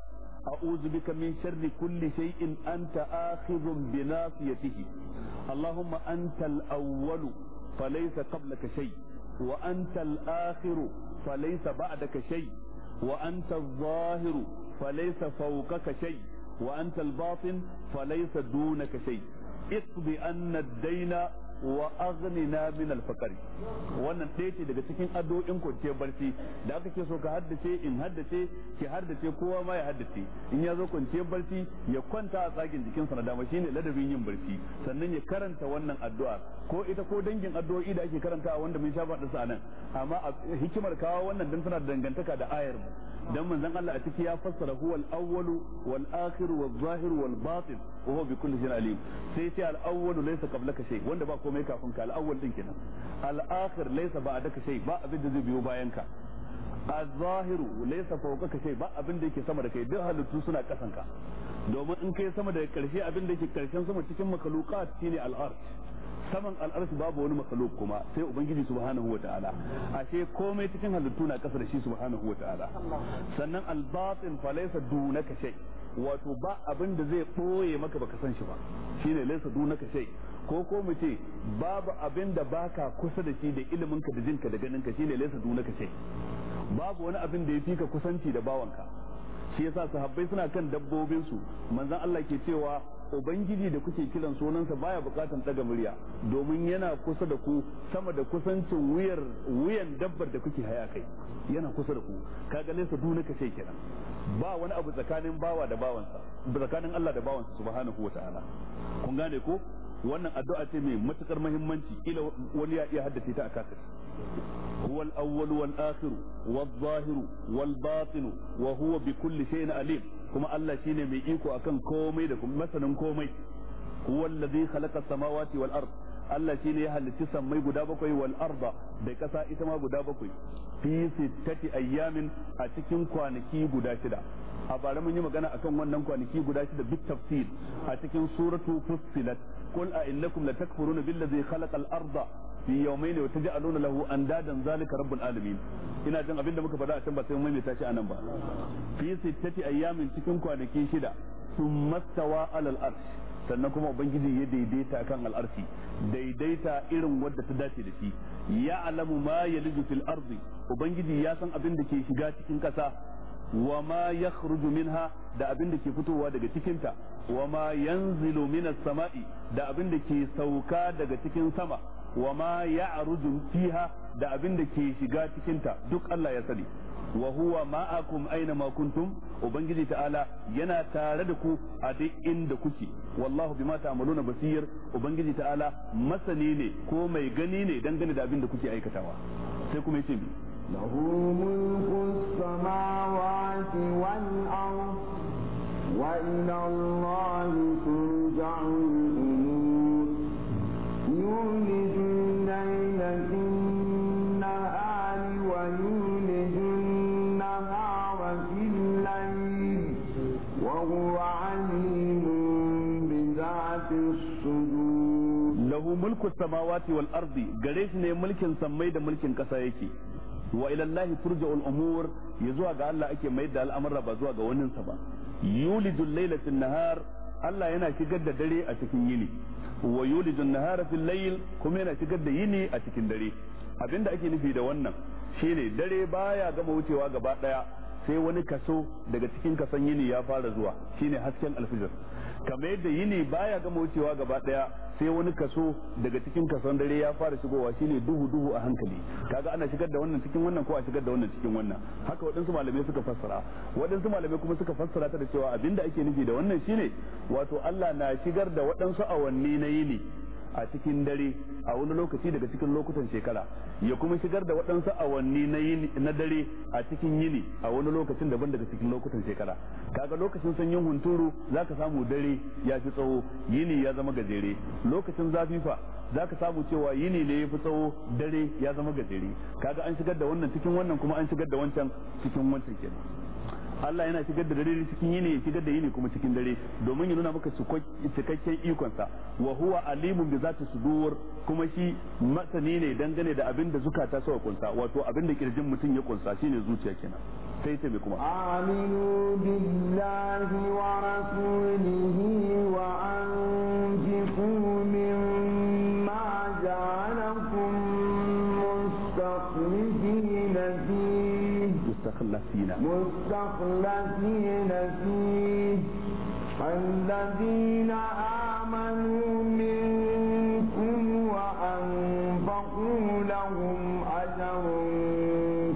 أعوذ بك من شر كل شيء أنت آخذ بناصيته اللهم أنت الأول فليس قبلك شيء وأنت الآخر فليس بعدك شيء وأنت الظاهر فليس فوقك شيء وأنت الباطن فليس دونك شيء اقض أن الدين wa na min alfakari wannan ɗaya ce daga cikin addu'o'in kwanciyar barci da aka ce so ka haddace in haddace ki haddace kowa ma ya haddace in ya zo kwanciyar barci ya kwanta a jikin sa na dama shine ladabin yin barci sannan ya karanta wannan addu'a ko ita ko dangin addu'o'i da ake karantawa wanda mun sha faɗa sa nan amma hikimar kawo wannan dan tana dangantaka da ayar mu dan manzon Allah a ciki ya fassara huwal awwalu wal akhiru wal zahiru wal batin wa huwa bi kulli shay'in alim sai ce al awwalu laysa qablaka shay wanda ba ko komai kafin ka al din kenan al-akhir laysa ba'daka shay ba abin da zai biyo bayan ka az-zahiru laysa fawqaka shay ba abin da yake sama da kai duk halittu suna kasan ka domin in kai sama da karshe abin da yake karshen sama cikin makhluqat shine al-arsh saman al'arshi babu wani makhluk kuma sai ubangiji subhanahu wa ta'ala ashe komai cikin halittu na da shi subhanahu wa ta'ala sannan al-batin fa laysa dunaka shay wato ba abin da zai ɓoye maka baka san shi ba shine laysa dunaka shay ko ko mu ce babu abin da baka kusa da shi da iliminka da jinka da ganin ka shine laysa dunaka shay babu wani abin da ya fi ka kusanci da bawanka shi yasa sahabbai suna kan dabbobinsu su manzon Allah ke cewa ubangiji da kuke kiran sunansa baya bukatan daga murya domin yana kusa da ku sama da kusancin wuyar wuyan dabbar da kuke haya kai yana kusa da ku kaga laysa duna kashe kenan ba wani abu tsakanin bawa da bawansa tsakanin Allah da bawansa subhanahu wataala kun gane ko wannan addu'a ce mai matukar muhimmanci ila wani ya iya haddace ta a kasir هو الأول والآخر والظاهر والباطن وهو بكل شيء عليم kuma Allah shine mai iko akan komai da kuma masanin komai huwal ladhi khalaqa samawati wal ard Allah shine ya halicci sammai guda bakwai wal arda da kasa ita ma guda bakwai fi sittati ayyamin a cikin kwanaki guda shida a bara mun yi magana akan wannan kwanaki guda shida bit tafsir a cikin suratu fussilat billa zai قل أئنكم لتكفرون بالذي خلق الأرض في يومين وتجعلون له أندادا ذلك rabbin العالمين ina jin abin da muka faɗa a can ba sai mun maimaita shi anan ba fi sittati ayyamin cikin kwanaki shida sun mastawa alal sannan kuma ubangiji ya daidaita kan al'arci daidaita irin wadda ta dace da shi ya alamu ma yaliju fil ubangiji ya san abin da ke shiga cikin kasa wa ma yakhruju minha da abin da ke fitowa daga cikinta wa ma yanzilu minas sama'i da abin da ke sauka daga cikin sama wa ma ya'ruju fiha da abin da ke shiga cikinta duk Allah ya sani wa huwa ma'akum aina ma kuntum ubangiji ta'ala yana tare da ku a duk inda kuke wallahu bima ta'maluna basir ubangiji ta'ala masani ne ko mai gani ne dangane da abin da kuke aikatawa sai kuma yace له ملك السماوات والأرض وإلى الله ترجع الأمور يولج الليل في النهار ويولج النهار في الليل وهو عليم بذات الصدور له ملك السماوات والأرض قريش ne mulkin sammai da mulkin ƙasa yake wa ila Allah turja'ul ya zuwa ga Allah ake mai da al'amura ba zuwa ga wannan sa ba yulijul layla fil nahar Allah yana shigar da dare a cikin yini wa yulijul nahara fil layl kuma yana shigar da yini a cikin dare abinda ake nufi da wannan shine dare baya gama wucewa gaba daya sai wani kaso daga cikin kasan yini ya fara zuwa shine hasken alfijir kamar yadda yini baya gama wucewa gaba daya sai wani kaso daga cikin kason dare ya fara shigowa shine duhu duhu a hankali kaga ana shigar da wannan cikin wannan ko a shigar da wannan cikin wannan haka waɗansu malamai suka fassara waɗansu malamai kuma suka fassara ta da cewa abinda ake nufi da wannan shine wato Allah na shigar da waɗansu awanni na yini a cikin dare a wani lokaci daga cikin lokutan shekara ya kuma shigar da waɗansu awanni na dare a cikin yini a wani lokacin daban daga cikin lokutan shekara kaga lokacin sanyin hunturu za ka samu dare ya fi tsawo yini ya zama gajere lokacin zafi fa za ka samu cewa yini ne ya fi tsawo dare ya zama gajere kaga an shigar da wannan cikin wannan kuma an shigar da wancan cikin wancan kenan Allah yana shigar da dare cikin yini ya shigar da yini kuma cikin dare domin ya nuna maka cikakken ikonsa wa huwa alimun bi zati sudur kuma shi masani ne dangane da abin da zukata suka kunsa wato abin da kirjin mutum ya kunsa shine zuciya kenan sai ta kuma aminu billahi wa rasulihi wa anfiqu mimma مستخلفين فيه الذين آمنوا منكم وأنفقوا لهم أجر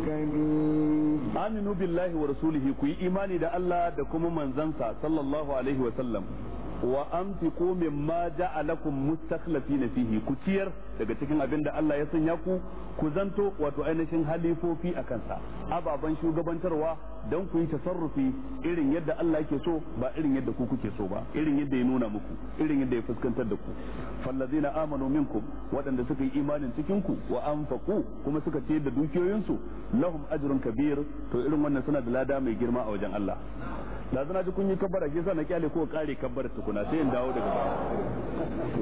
كبير آمنوا بالله ورسوله كي إيماني دا الله دا كم من زنسا صلى الله عليه وسلم wa anfiqu mimma ja'alakum mustakhlifina fihi ku ciyar daga cikin abin da Allah ya sanya ku ku zanto wato ainihin halifofi a kansa ababan shugabantarwa dan ku yi tasarrufi irin yadda Allah yake so ba irin yadda ku kuke so ba irin yadda ya nuna muku irin yadda ya fuskantar da ku fallazina amanu minkum waɗanda suka yi imanin cikin ku wa anfaqu kuma suka ciyar da dukiyoyinsu lahum ajrun kabir to irin wannan suna da lada mai girma a wajen Allah da zana ji kun yi kabbara shi na kyale ko kare kabbar tukuna sai in dawo daga baya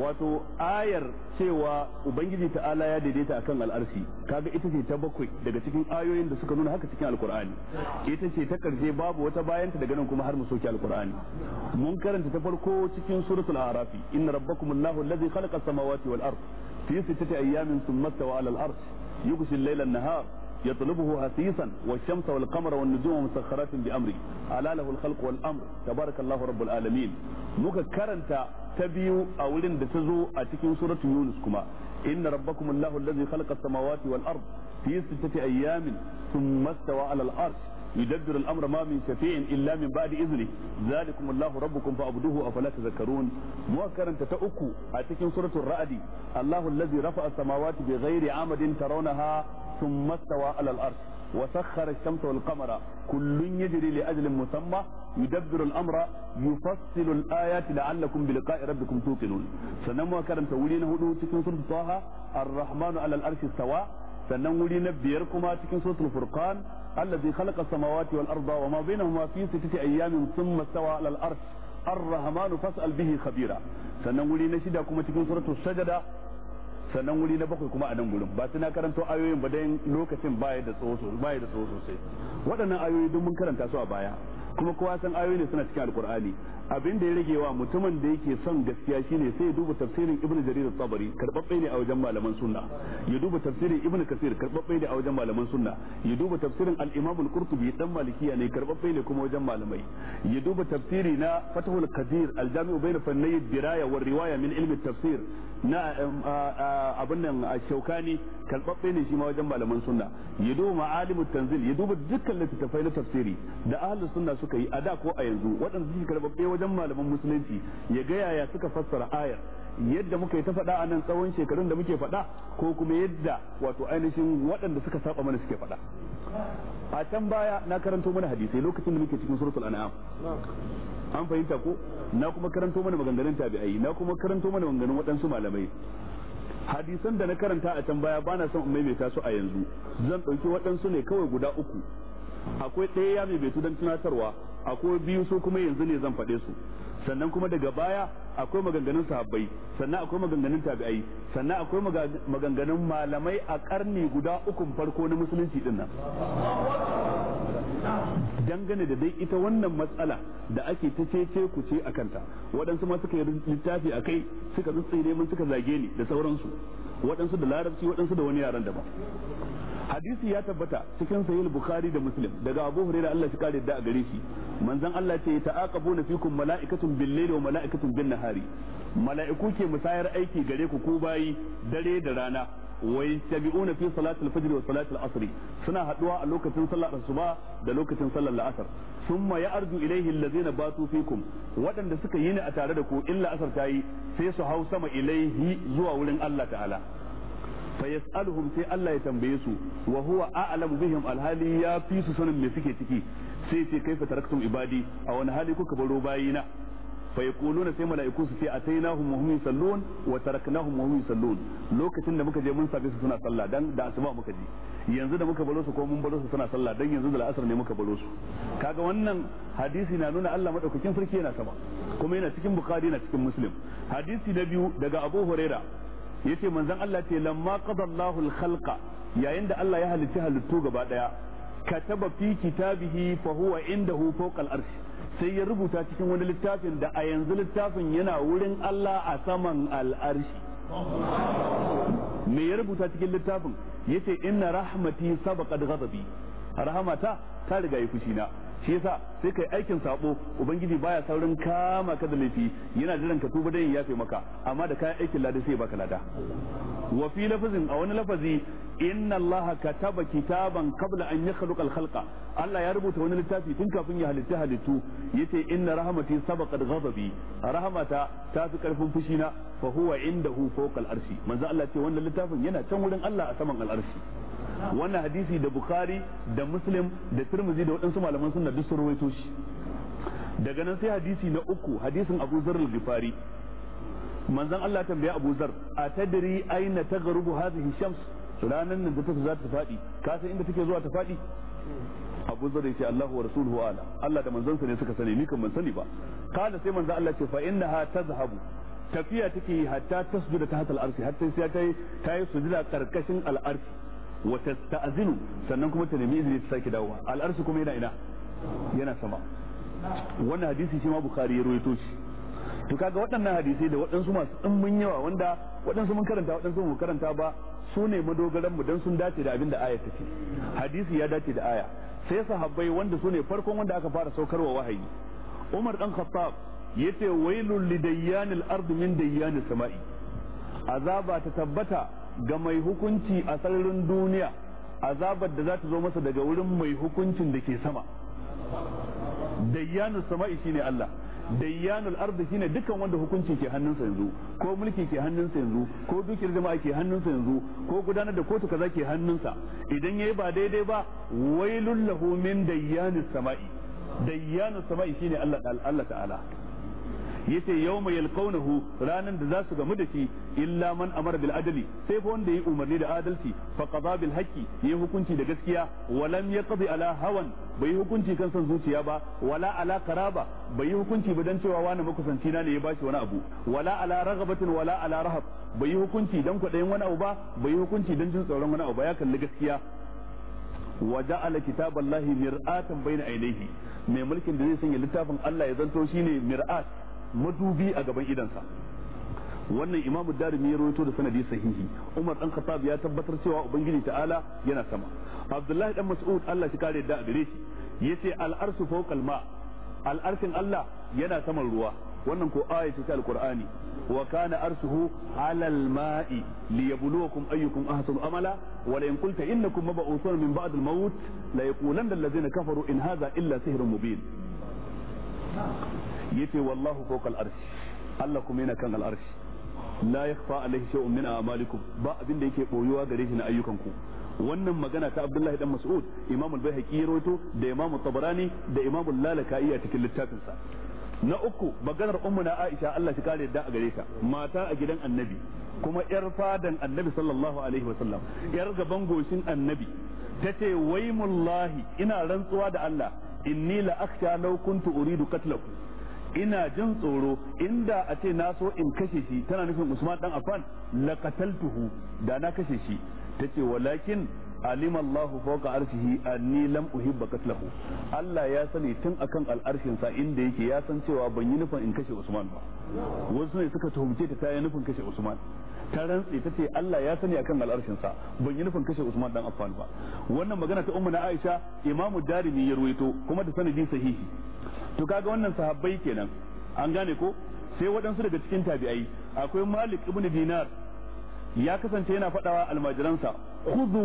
wato ayar cewa ubangiji ta'ala ya daidaita akan al'arshi kaga ita ce ta bakwai daga cikin ayoyin da suka nuna haka cikin alkur'ani ita ce ta karshe babu wata bayanta daga nan kuma har mu soke alkur'ani mun karanta ta farko cikin suratul arafi inna rabbakum allahu allazi khalaqa samawati wal ard fi sittati ayyamin thumma istawa ala al yughshi al-layla an-nahar يطلبه حثيثا والشمس والقمر والنجوم مسخرات بأمري ألا له الخلق والأمر تبارك الله رب العالمين نوكا تبيو أولين دتزو أتكي سورة يونس كما إن ربكم الله الذي خلق السماوات والأرض في ستة أيام ثم استوى على الأرض يدبر الامر ما من شفيع الا من بعد اذنه ذلكم الله ربكم فاعبدوه افلا تذكرون مؤكرا تتأكو اتكن سوره الرعد الله الذي رفع السماوات بغير عمد ترونها ثم استوى على الارض وسخر الشمس والقمر كل يجري لأجل مسمى يدبر الأمر يفصل الآيات لعلكم بلقاء ربكم توقنون سنمو كرم تولين هدوء سورة طه الرحمن على الأرش استوى sannan wuri na biyar kuma cikin suratul furqan allazi khalaqa samawati wal arda wa ma bainahuma fi sittati ayyamin thumma stawa ala al arsh ar-rahman fas'al bihi khabira sannan wuri na shida kuma cikin suratul sajada sannan wuri na bakwai kuma a nan gurin ba suna karanto ayoyin ba dan lokacin baya da tsawo baya da tsawo sosai waɗannan ayoyi duk mun karanta su a baya kuma kowa san ayoyi ne suna cikin alkur'ani abin da ya rage wa mutumin da yake son gaskiya shine sai ya duba tafsirin ibnu jarir tabari karbabbe ne a wajen malaman sunna ya duba tafsirin ibnu kasir karbabbe ne a wajen malaman sunna ya duba tafsirin al-imam al-qurtubi dan malikiya ne karbabbe ne kuma wajen malamai ya duba tafsiri na fathul qadir al-jami'u bayna fannay diraya wa riwaya min ilmi tafsir na abin nan shaukani karbabbe ne shi ma wajen malaman sunna ya duba ma'alimut tanzil ya duba dukkan littattafai na tafsiri da ahlus sunna suka yi a da ko a yanzu waɗanda suke karɓaɓɓe wajen malaman musulunci ya ga yaya suka fassara ayar yadda muka yi ta faɗa a nan tsawon shekarun da muke faɗa ko kuma yadda wato ainihin waɗanda suka saba mana suke faɗa a can baya na karanto mana hadisai lokacin da muke cikin suratul an'am an fahimta ko na kuma karanto mana maganganun tabi'ai na kuma karanto mana maganganun waɗansu malamai hadisan da na karanta a can baya bana son in maimaita su a yanzu zan ɗauki waɗansu ne kawai guda uku akwai ɗaya ya mai betu don tunatarwa akwai biyu su kuma yanzu ne zan faɗe su sannan kuma daga baya akwai maganganun sahabbai sannan akwai maganganun tabi'ai sannan akwai maganganun malamai a karni guda ukun farko na musulunci din nan dangane da dai ita wannan matsala da ake ta cece ku ce a kanta waɗansu ma suka yi littafi a kai suka zutsi mun suka zage ni da sauransu waɗansu da larabci waɗansu da wani yaran daban hadisi ya tabbata cikin sahih bukhari da muslim daga abu hurairah Allah shi kare da a gare shi manzon Allah ce ta'aqabuna fikum mala'ikatun bil-layli wa mala'ikatun bin-nahari mala'iku ke musayar aiki gare ku ko bayi dare da rana wa yastabi'una fi salatil fajr wa salatil asr suna haduwa a lokacin sallar asuba da lokacin sallar la'asar thumma ya'arju ilayhi allazina batu fikum waɗanda suka yi ni a tare da ku illa asar tayi sai su hau sama ilaihi zuwa wurin Allah ta'ala fa sai Allah ya tambaye su wa huwa a'lamu bihim alhali ya fi su sanin me suke ciki sai ce kaifa taraktum ibadi a wani hali kuka baro bayina fa yaquluna sai mala'iku su ce atainahum wa hum yusallun wa taraknahum wa hum yusallun lokacin da muka je mun same su suna sallah dan da asuba muka ji yanzu da muka baro su ko mun baro su suna sallah dan yanzu da al'asar ne muka baro su kaga wannan hadisi na nuna Allah madaukakin sarki yana sama kuma yana cikin bukhari yana cikin muslim hadisi na biyu daga abu huraira yace manzon Allah ce lamma qadallahu al-khalqa yayin da Allah ya halitta halittu gaba daya kataba fi kitabihi fa huwa indahu fawqa al-arsh sai ya rubuta cikin wani littafin da a yanzu littafin yana wurin Allah a saman al-arsh me ya rubuta cikin littafin yace inna rahmati sabaqat ghadabi rahmata ta riga yi fushi na shi yasa sai kai aikin sabo ubangiji baya saurin kama ka da laifi yana jiran ka tuba dai yafe maka amma da kayan aikin lada sai baka lada wa fi lafazin a wani lafazi inna allaha kataba kitaban qabla an yakhluqa al-khalqa Allah ya rubuta wani littafi tun kafin ya halitta halittu yace inna rahmati sabaqat a rahmata ta fi karfin na fa huwa indahu fawqa al-arshi manzo Allah ce wannan littafin yana can wurin Allah a saman al-arshi wannan hadisi da bukhari da muslim da tirmidhi da waɗansu malaman sunna duk sun rawaito shi daga nan sai hadisi na uku hadisin abu zar al-ghifari manzon Allah tambaya abu zar a tadri aina tagrubu hadhihi shams ranan nan da ta za ta fadi ka san inda take zuwa ta fadi abu zar ce Allahu wa rasuluhu ala Allah da manzansa ne suka sani ni kan ban sani ba kana sai manzon Allah ce fa innaha tazhabu tafiya take hatta tasjuda ta hatal arsi hatta sai ta yi ta yi sujuda karkashin al-arsi Wata tasta'zinu sannan kuma ta nemi izini ta sake dawowa al'arshi kuma yana ina yana sama wannan hadisi shi ma bukhari ya rawaito shi to kaga waɗannan hadisai da waɗansu masu ɗimbin yawa wanda waɗansu mun karanta waɗansu mun karanta ba su ne madogaran mu dan sun dace da abin da aya ta ce hadisi ya dace da aya sai sahabbai wanda su ne farkon wanda aka fara saukarwa wahayi Umar dan Khattab yace wailul lidayyanil ard min dayyanil sama'i azaba ta tabbata ga mai hukunci a sararin duniya azabar da za ta zo masa daga wurin mai hukuncin da ke sama dayyanul sama'i shine Allah dayyanul ardi shine dukkan wanda hukunci ke hannunsa yanzu ko mulki ke hannunsa yanzu ko dukiyar jama'a ke hannunsa yanzu ko gudanar da kotu kaza ke hannunsa idan yayi ba daidai ba wailul lahu min dayyanus sama'i dayyanus sama'i shine Allah Allah ta'ala yace mai yalqawnahu ranar da za su gamu da shi illa man amara bil adali sai fa wanda yi umarni da adalci fa qada bil haqqi yayi hukunci da gaskiya walam yaqdi ala hawan bai yi hukunci kan son zuciya ba wala ala karaba bai yi hukunci ba dan cewa wani makusanci na ne ya bashi wani abu wala ala ragabatin wala ala rahab bai yi hukunci dan kwaɗayin wani abu ba bai yi hukunci dan jin tsoron wani abu ba ya kalli gaskiya wa ja'ala kitaballahi mir'atan bayna ainihi mai mulkin da zai sanya littafin Allah ya zanto shine mir'at madubi a gaban idansa wannan imamu darimi ya rawaito da sanadi sahihi umar dan khattab ya tabbatar cewa ubangiji ta'ala yana sama abdullahi dan mas'ud Allah shi kare da gare shi yace al arsu fawqa ma al arsin Allah yana saman ruwa wannan ko aya ce ta alqur'ani wa kana arsuhu ala al-ma'i li yabluwakum ayyukum ahsanu amala wa la in qulta innakum mab'uthun min ba'd al-maut la yaqulanna allazina kafaru in hadha illa sihrun mubin yace wallahu fawqa al-arsh Allah kuma yana kan al la yakhfa alayhi shay'un min a'malikum ba abin da yake boyuwa gare shi na ayyukanku wannan magana ta Abdullahi dan Mas'ud Imam al-Baihaqi ya rawaito da Imam tabarani da Imam al-Lalaka'i a cikin littafin sa na uku maganar na Aisha Allah shi kare yadda a gare ta mata a gidan Annabi kuma yar fadan Annabi sallallahu alaihi wasallam yar gaban goshin Annabi tace waimullahi ina rantsuwa da Allah inni la akhsha law kuntu uridu qatlakum ina jin tsoro inda a ce na so in kashe shi tana nufin Usman dan Affan laqataltuhu da na kashe shi tace walakin alim Allah fawqa arshihi anni lam uhibba qatlahu Allah ya sani tun akan al'arshin sa inda yake ya san cewa ban yi nufin in kashe Usman ba wasu ne suka tuhumce ta yi nufin kashe Usman ta rantsi ta ce Allah ya sani akan al'arshin sa ban yi nufin kashe Usman dan Affan ba wannan magana ta ummu na Aisha Imamu Darimi ya ruwaito kuma da sanadi sahihi to kaga wannan sahabbai kenan an gane ko sai waɗansu daga cikin tabi'ai akwai malik ibn dinar ya kasance yana faɗawa almajiransa khudhu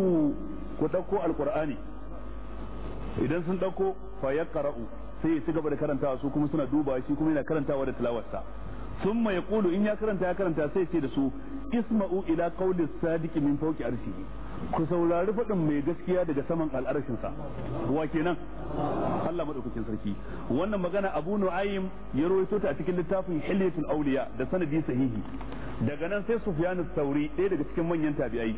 ku ɗauko alqur'ani idan sun ɗauko fa yaqra'u sai ya ci gaba da karantawa su kuma suna duba shi kuma yana karantawa da tilawarsa thumma yaqulu in ya karanta ya karanta sai ce da su isma'u ila qawli sadiq min fawqi arshihi ku saurari faɗin mai gaskiya daga saman al'arshinsa wa kenan Allah madaukakin sarki wannan magana Abu Nu'aym ya rawaito ta a cikin littafin Hilyatul Awliya da sanadi sahihi daga nan sai Sufyan ats-Tsauri ɗaya daga cikin manyan tabi'ai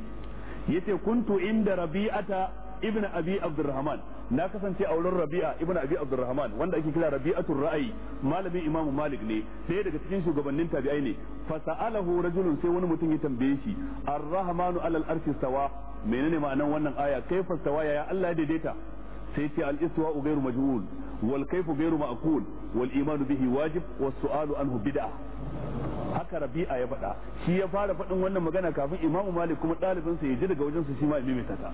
yace kuntu inda Rabi'ata ibn abi abdurrahman na kasance a wurin rabi'a ibn abi abdurrahman wanda ake kira rabi'atul ra'ayi malami imam malik ne ɗaya daga cikin shugabannin tabi'ai ne fa sa'alahu rajulun sai wani mutum ya tambaye shi ar-rahmanu alal arshi sawa menene ma'anan wannan aya kai sawa ya Allah daidaita sai ce al-istiwa ghairu majhul wal kayfu ghairu ma'qul wal imanu bihi wajib was su'alu anhu bid'ah haka rabi'a ya faɗa shi ya fara faɗin wannan magana kafin imam malik kuma ɗalibin ya ji daga wajen shi ma ya mimita ta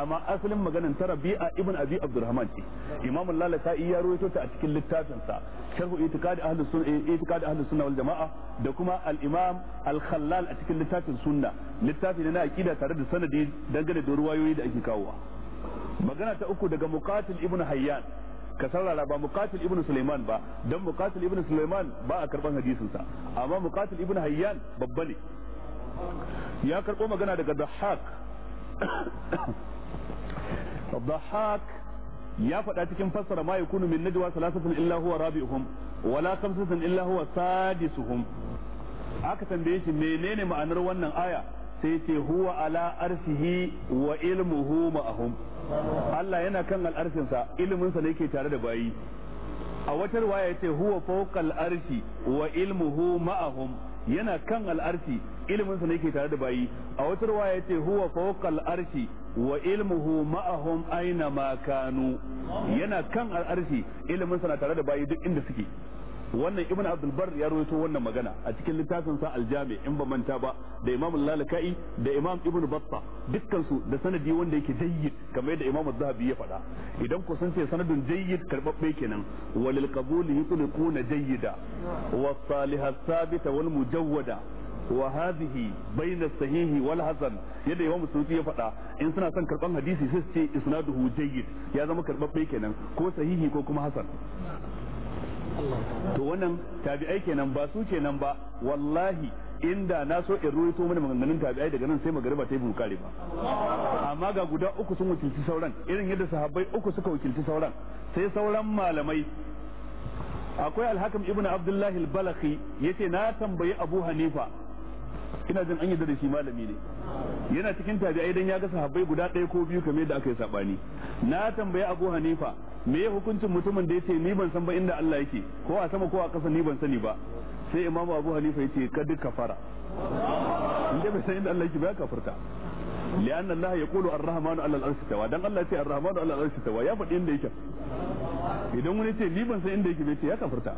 amma asalin maganan ta rabi'a ibn abi abdurrahman ce imam lalata lalasai ya ruwaito ta a cikin littafin sa sharhu itiqad ahlus sunna itiqad jamaa da kuma al-imam a cikin littafin sunna littafi na aqida tare da sanadi dangane da ruwayoyi da ake kawowa magana ta uku daga muqatil ibn hayyan ka saurara ba muqatil ibnu sulaiman ba dan muqatil ibnu sulaiman ba a karban hadisin sa amma muqatil ibnu hayyan babba ne ya karbo magana daga dhahhak [COUGHS] dhahhak ya faɗa cikin fassara ma yakunu min najwa salasatun illa huwa rabi'uhum wala khamsatun illa huwa sadisuhum aka tambaye shi menene ma'anar wannan aya sai ce huwa ala arsihi wa ilmuhu ma'ahum Allah yana kan al'arshinsa iliminsa ne yake tare da bayi a wata riwaya yace huwa fawqal arshi wa ilmuhu ma'ahum yana kan al'arshi iliminsa ne yake tare da bayi a wata riwaya yace huwa fawqal arshi wa ilmuhu ma'ahum aina ma kanu yana kan al'arshi iliminsa na tare da bayi duk inda suke wannan ibn abdul bar ya rawaito wannan magana a cikin littafin sa aljami in ba manta ba da imam lalakai da imam ibn batta dukkan su da sanadi wanda yake jayyid kamar yadda imam zahabi ya faɗa idan ku sun ce sanadin jayyid karbabbe kenan walil qabuli yutliquna jayyida wa salihat sabita wal mujawwada wa hadhihi bayna sahihi wal hasan yadda imam sufi ya faɗa in suna son karban hadisi sai su ce isnaduhu jayyid ya zama karbabbe kenan ko sahihi ko kuma hasan to wannan tabi'ai kenan ba su kenan ba wallahi inda na so in ruwaito mana maganganun tabi'ai daga nan sai magariba ta yi mu ba amma ga guda uku sun wakilci sauran irin yadda sahabbai uku suka wakilci sauran sai sauran malamai akwai alhakam ibn abdullahi al-balakhi yace na tambayi abu hanifa ina jin an yadda da shi malami ne yana cikin tabi'ai dan ya ga sahabbai guda ɗaya ko biyu kamar yadda aka yi sabani na tambayi Abu Hanifa me ya hukuncin mutumin da yace ni ban san ba inda Allah yake ko a sama ko a ƙasa ni ban sani ba sai Imam Abu Hanifa yace kad kafara inda bai san inda Allah yake ba kafirta li'anna Allah yaqulu ar-rahmanu 'ala al-'arshi tawa dan Allah yace ar-rahmanu 'ala al-'arshi tawa ya faɗi inda yake idan wani ce ni ban san inda yake bai ce ya kafurta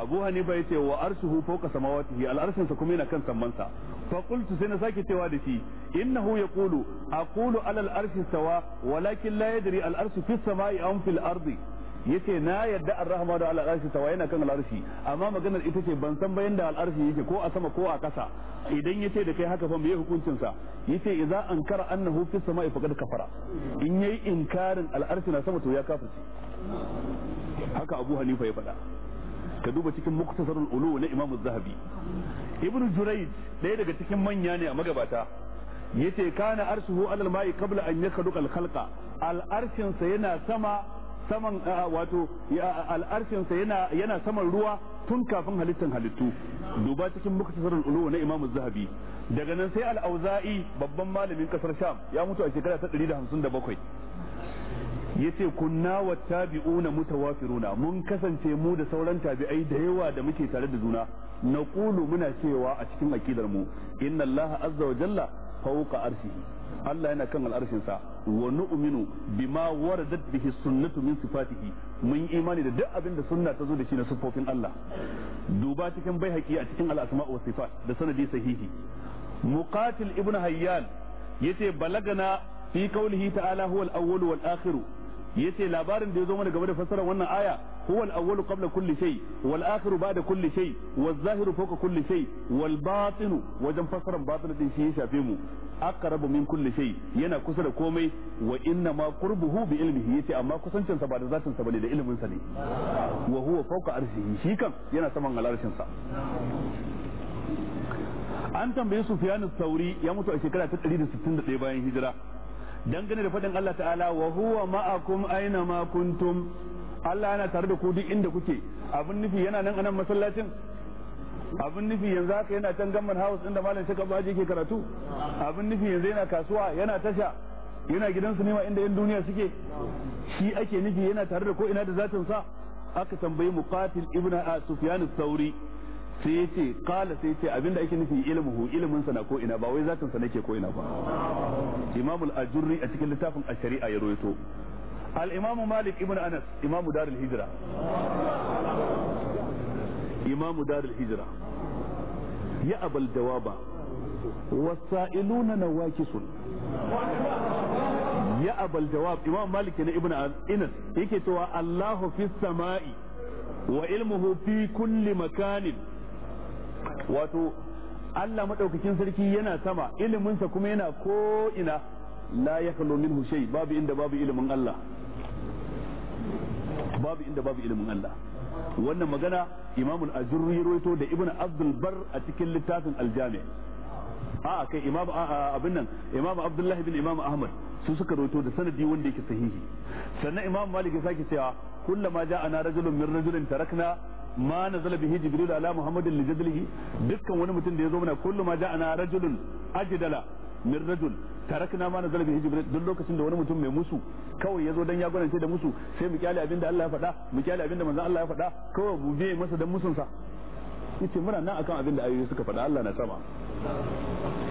abu hanifa ya ce wa arshuhu fawqa samawatihi al arshinsa kuma yana kan sammansa fa sai na sake cewa da shi innahu yaqulu aqulu kulu al arshi sawa walakin la yadri al arshu fis samai am fil ardi yace na yarda ar da ala al-arshi tawa yana kan al amma maganar ita ce ban san bayan da al yake ko a sama ko a ƙasa idan yace da kai haka fa me hukuncin sa yace idza ankara annahu fi sama'i faqad kafara in yayi inkarin al na sama to ya kafirce haka Abu Hanifa ya faɗa ka duba cikin muktasarul ulu na Imam Az-Zahabi Ibn Jurayj ɗaya daga cikin manya ne a magabata yace kana arshuhu alal ma'i qabla an yakduqa al-khalqa al sa yana sama saman wato sa yana yana saman ruwa tun kafin halittan halittu duba cikin muktasarul ulum na Imam Zahabi daga nan sai al-Auza'i babban malamin kasar Sham ya mutu a shekara ta 157 yace kunna wa tabi'una mutawafiruna mun kasance mu da sauran tabi'ai da yawa da muke tare da juna naqulu muna cewa a cikin akidar mu inna Allah azza wa jalla fawqa arshihi Allah yana kan al'arshinsa wa nu'minu bima waradat bihi sunnatu min sifatihi mun yi imani da duk abin da sunna ta zo da shi na sifofin Allah duba cikin bai baihaqi a cikin al'asma'u wa sifat da sanadi sahihi muqatil ibn hayyan yace balagana fi qawlihi ta'ala huwa al-awwal wal akhir yace labarin da ya zo mana game da fassara wannan aya huwa al-awwalu qabla kulli shay wal akhiru ba'da kulli shay wal zahiru fawqa kulli shay wal batinu wajen fassaran batinu din shi ya shafe mu aqrabu min kulli shay yana kusa da komai wa inna ma qurbuhu bi ilmihi yace amma kusancin sa ba da zatin sa bane da ilimin sa ne wa huwa fawqa arshihi shi kan yana saman alarshin sa an tambaye Sufyan sauri ya mutu a shekara ta 161 bayan hijira dangane da faɗin Allah ta'ala wa huwa ma'akum aina ma kuntum Allah yana tare da ku duk inda kuke abin nufi yana nan anan masallacin abin nufi yanzu haka yana can gamman house inda malam shaka baji ke karatu abin nufi yanzu yana kasuwa yana tasha yana gidan sinima inda yan duniya suke shi ake nufi yana tare da ko ina da zatin sa aka tambayi muqatil ibnu sufyan sauri sai ya ce kala sai ya ce abinda ake nufi ilmuhu ilmin sa na ko ina ba wai zatin sa nake ko ina ba imam al ajurri a cikin littafin ash-shari'a ya rawaito al imam malik ibn anas imam dar al hijra imam dar al hijra ya abal jawaba wasailuna nawakisun ya abal jawab imam malik ne ibn anas yake cewa allahu fis sama'i wa ilmuhu fi kulli makanin wato Allah madaukakin sarki yana sama iliminsa kuma yana ko ina la yakhlu minhu shay babu inda babu ilimin Allah babu inda babu ilimin Allah wannan magana Imam al-Ajurri ruwaito da Ibn Abdul Bar a cikin littafin al-Jami' a kai Imam abin nan Imam Abdullahi bin Imam Ahmad su suka ruwaito da sanadi wanda yake sahihi sannan Imam Malik ya sake cewa kullama ja'ana rajulun min rajulin tarakna Mana nazala bihi jibril ala muhammadin li jadlihi dukkan mutum da yazo mana kullu ma ja'ana rajulun ajdala min rajul tarakna ma nazala bihi jibril duk lokacin wani mutum mai musu kawai yazo dan ya gwanance da musu sai mu kyale abinda Allah ya faɗa mu kyale abinda manzon Allah ya faɗa kawai mu biye masa dan musun sa yace muna nan akan abinda ayoyi suka faɗa Allah na sama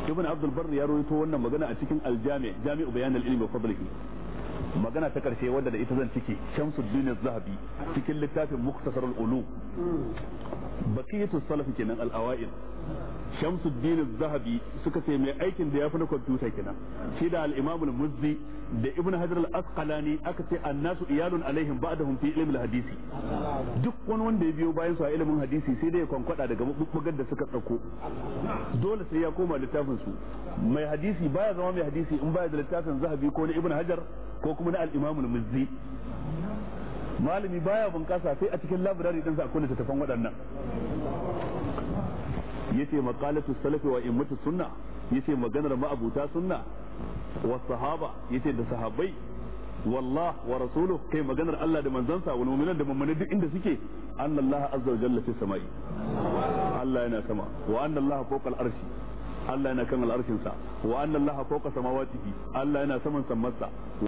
ibn abdul barr ya rawaito wannan magana a cikin aljami jami'u bayan al-ilmi wa fadlihi magana ta karshe wanda da ita zan cike Shamsuddin Zahabi cikin littafin muktasar Ulum hmm. baqiyatu salaf kenan al-awail Shamsuddin Zahabi suka ce mai aikin da ya fi na kwamfuta kenan shi da al-Imam al-Muzzi da Ibn Hajar al-Asqalani aka ce annasu iyalun alaihim ba'dahum fi ilmi al-hadisi duk wani wanda ya biyo bayan su a ilimin hadisi sai dai ya kwankwada daga mabubbugar da suka tsako dole sai ya koma littafin su mai hadisi baya zama mai hadisi in baya da littafin Zahabi ko na Ibn Hajar ko kuma na al-Imam al-Muzzi malami baya bunƙasa sai a cikin library din sa akwai littafan waɗannan yace maqalatu salafi wa immatu sunna yace maganar ma'abuta sunna wa sahaba yace da sahabbai wallah wa rasuluhu kai maganar Allah da manzansa wal mu'minan da mu'minin duk inda suke anna Allah azza wa jalla fi samai Allah yana sama wa anna Allah fawqa al-arshi Allah yana kan al-arshin sa wa anna Allah fawqa samawatihi Allah yana saman sammarsa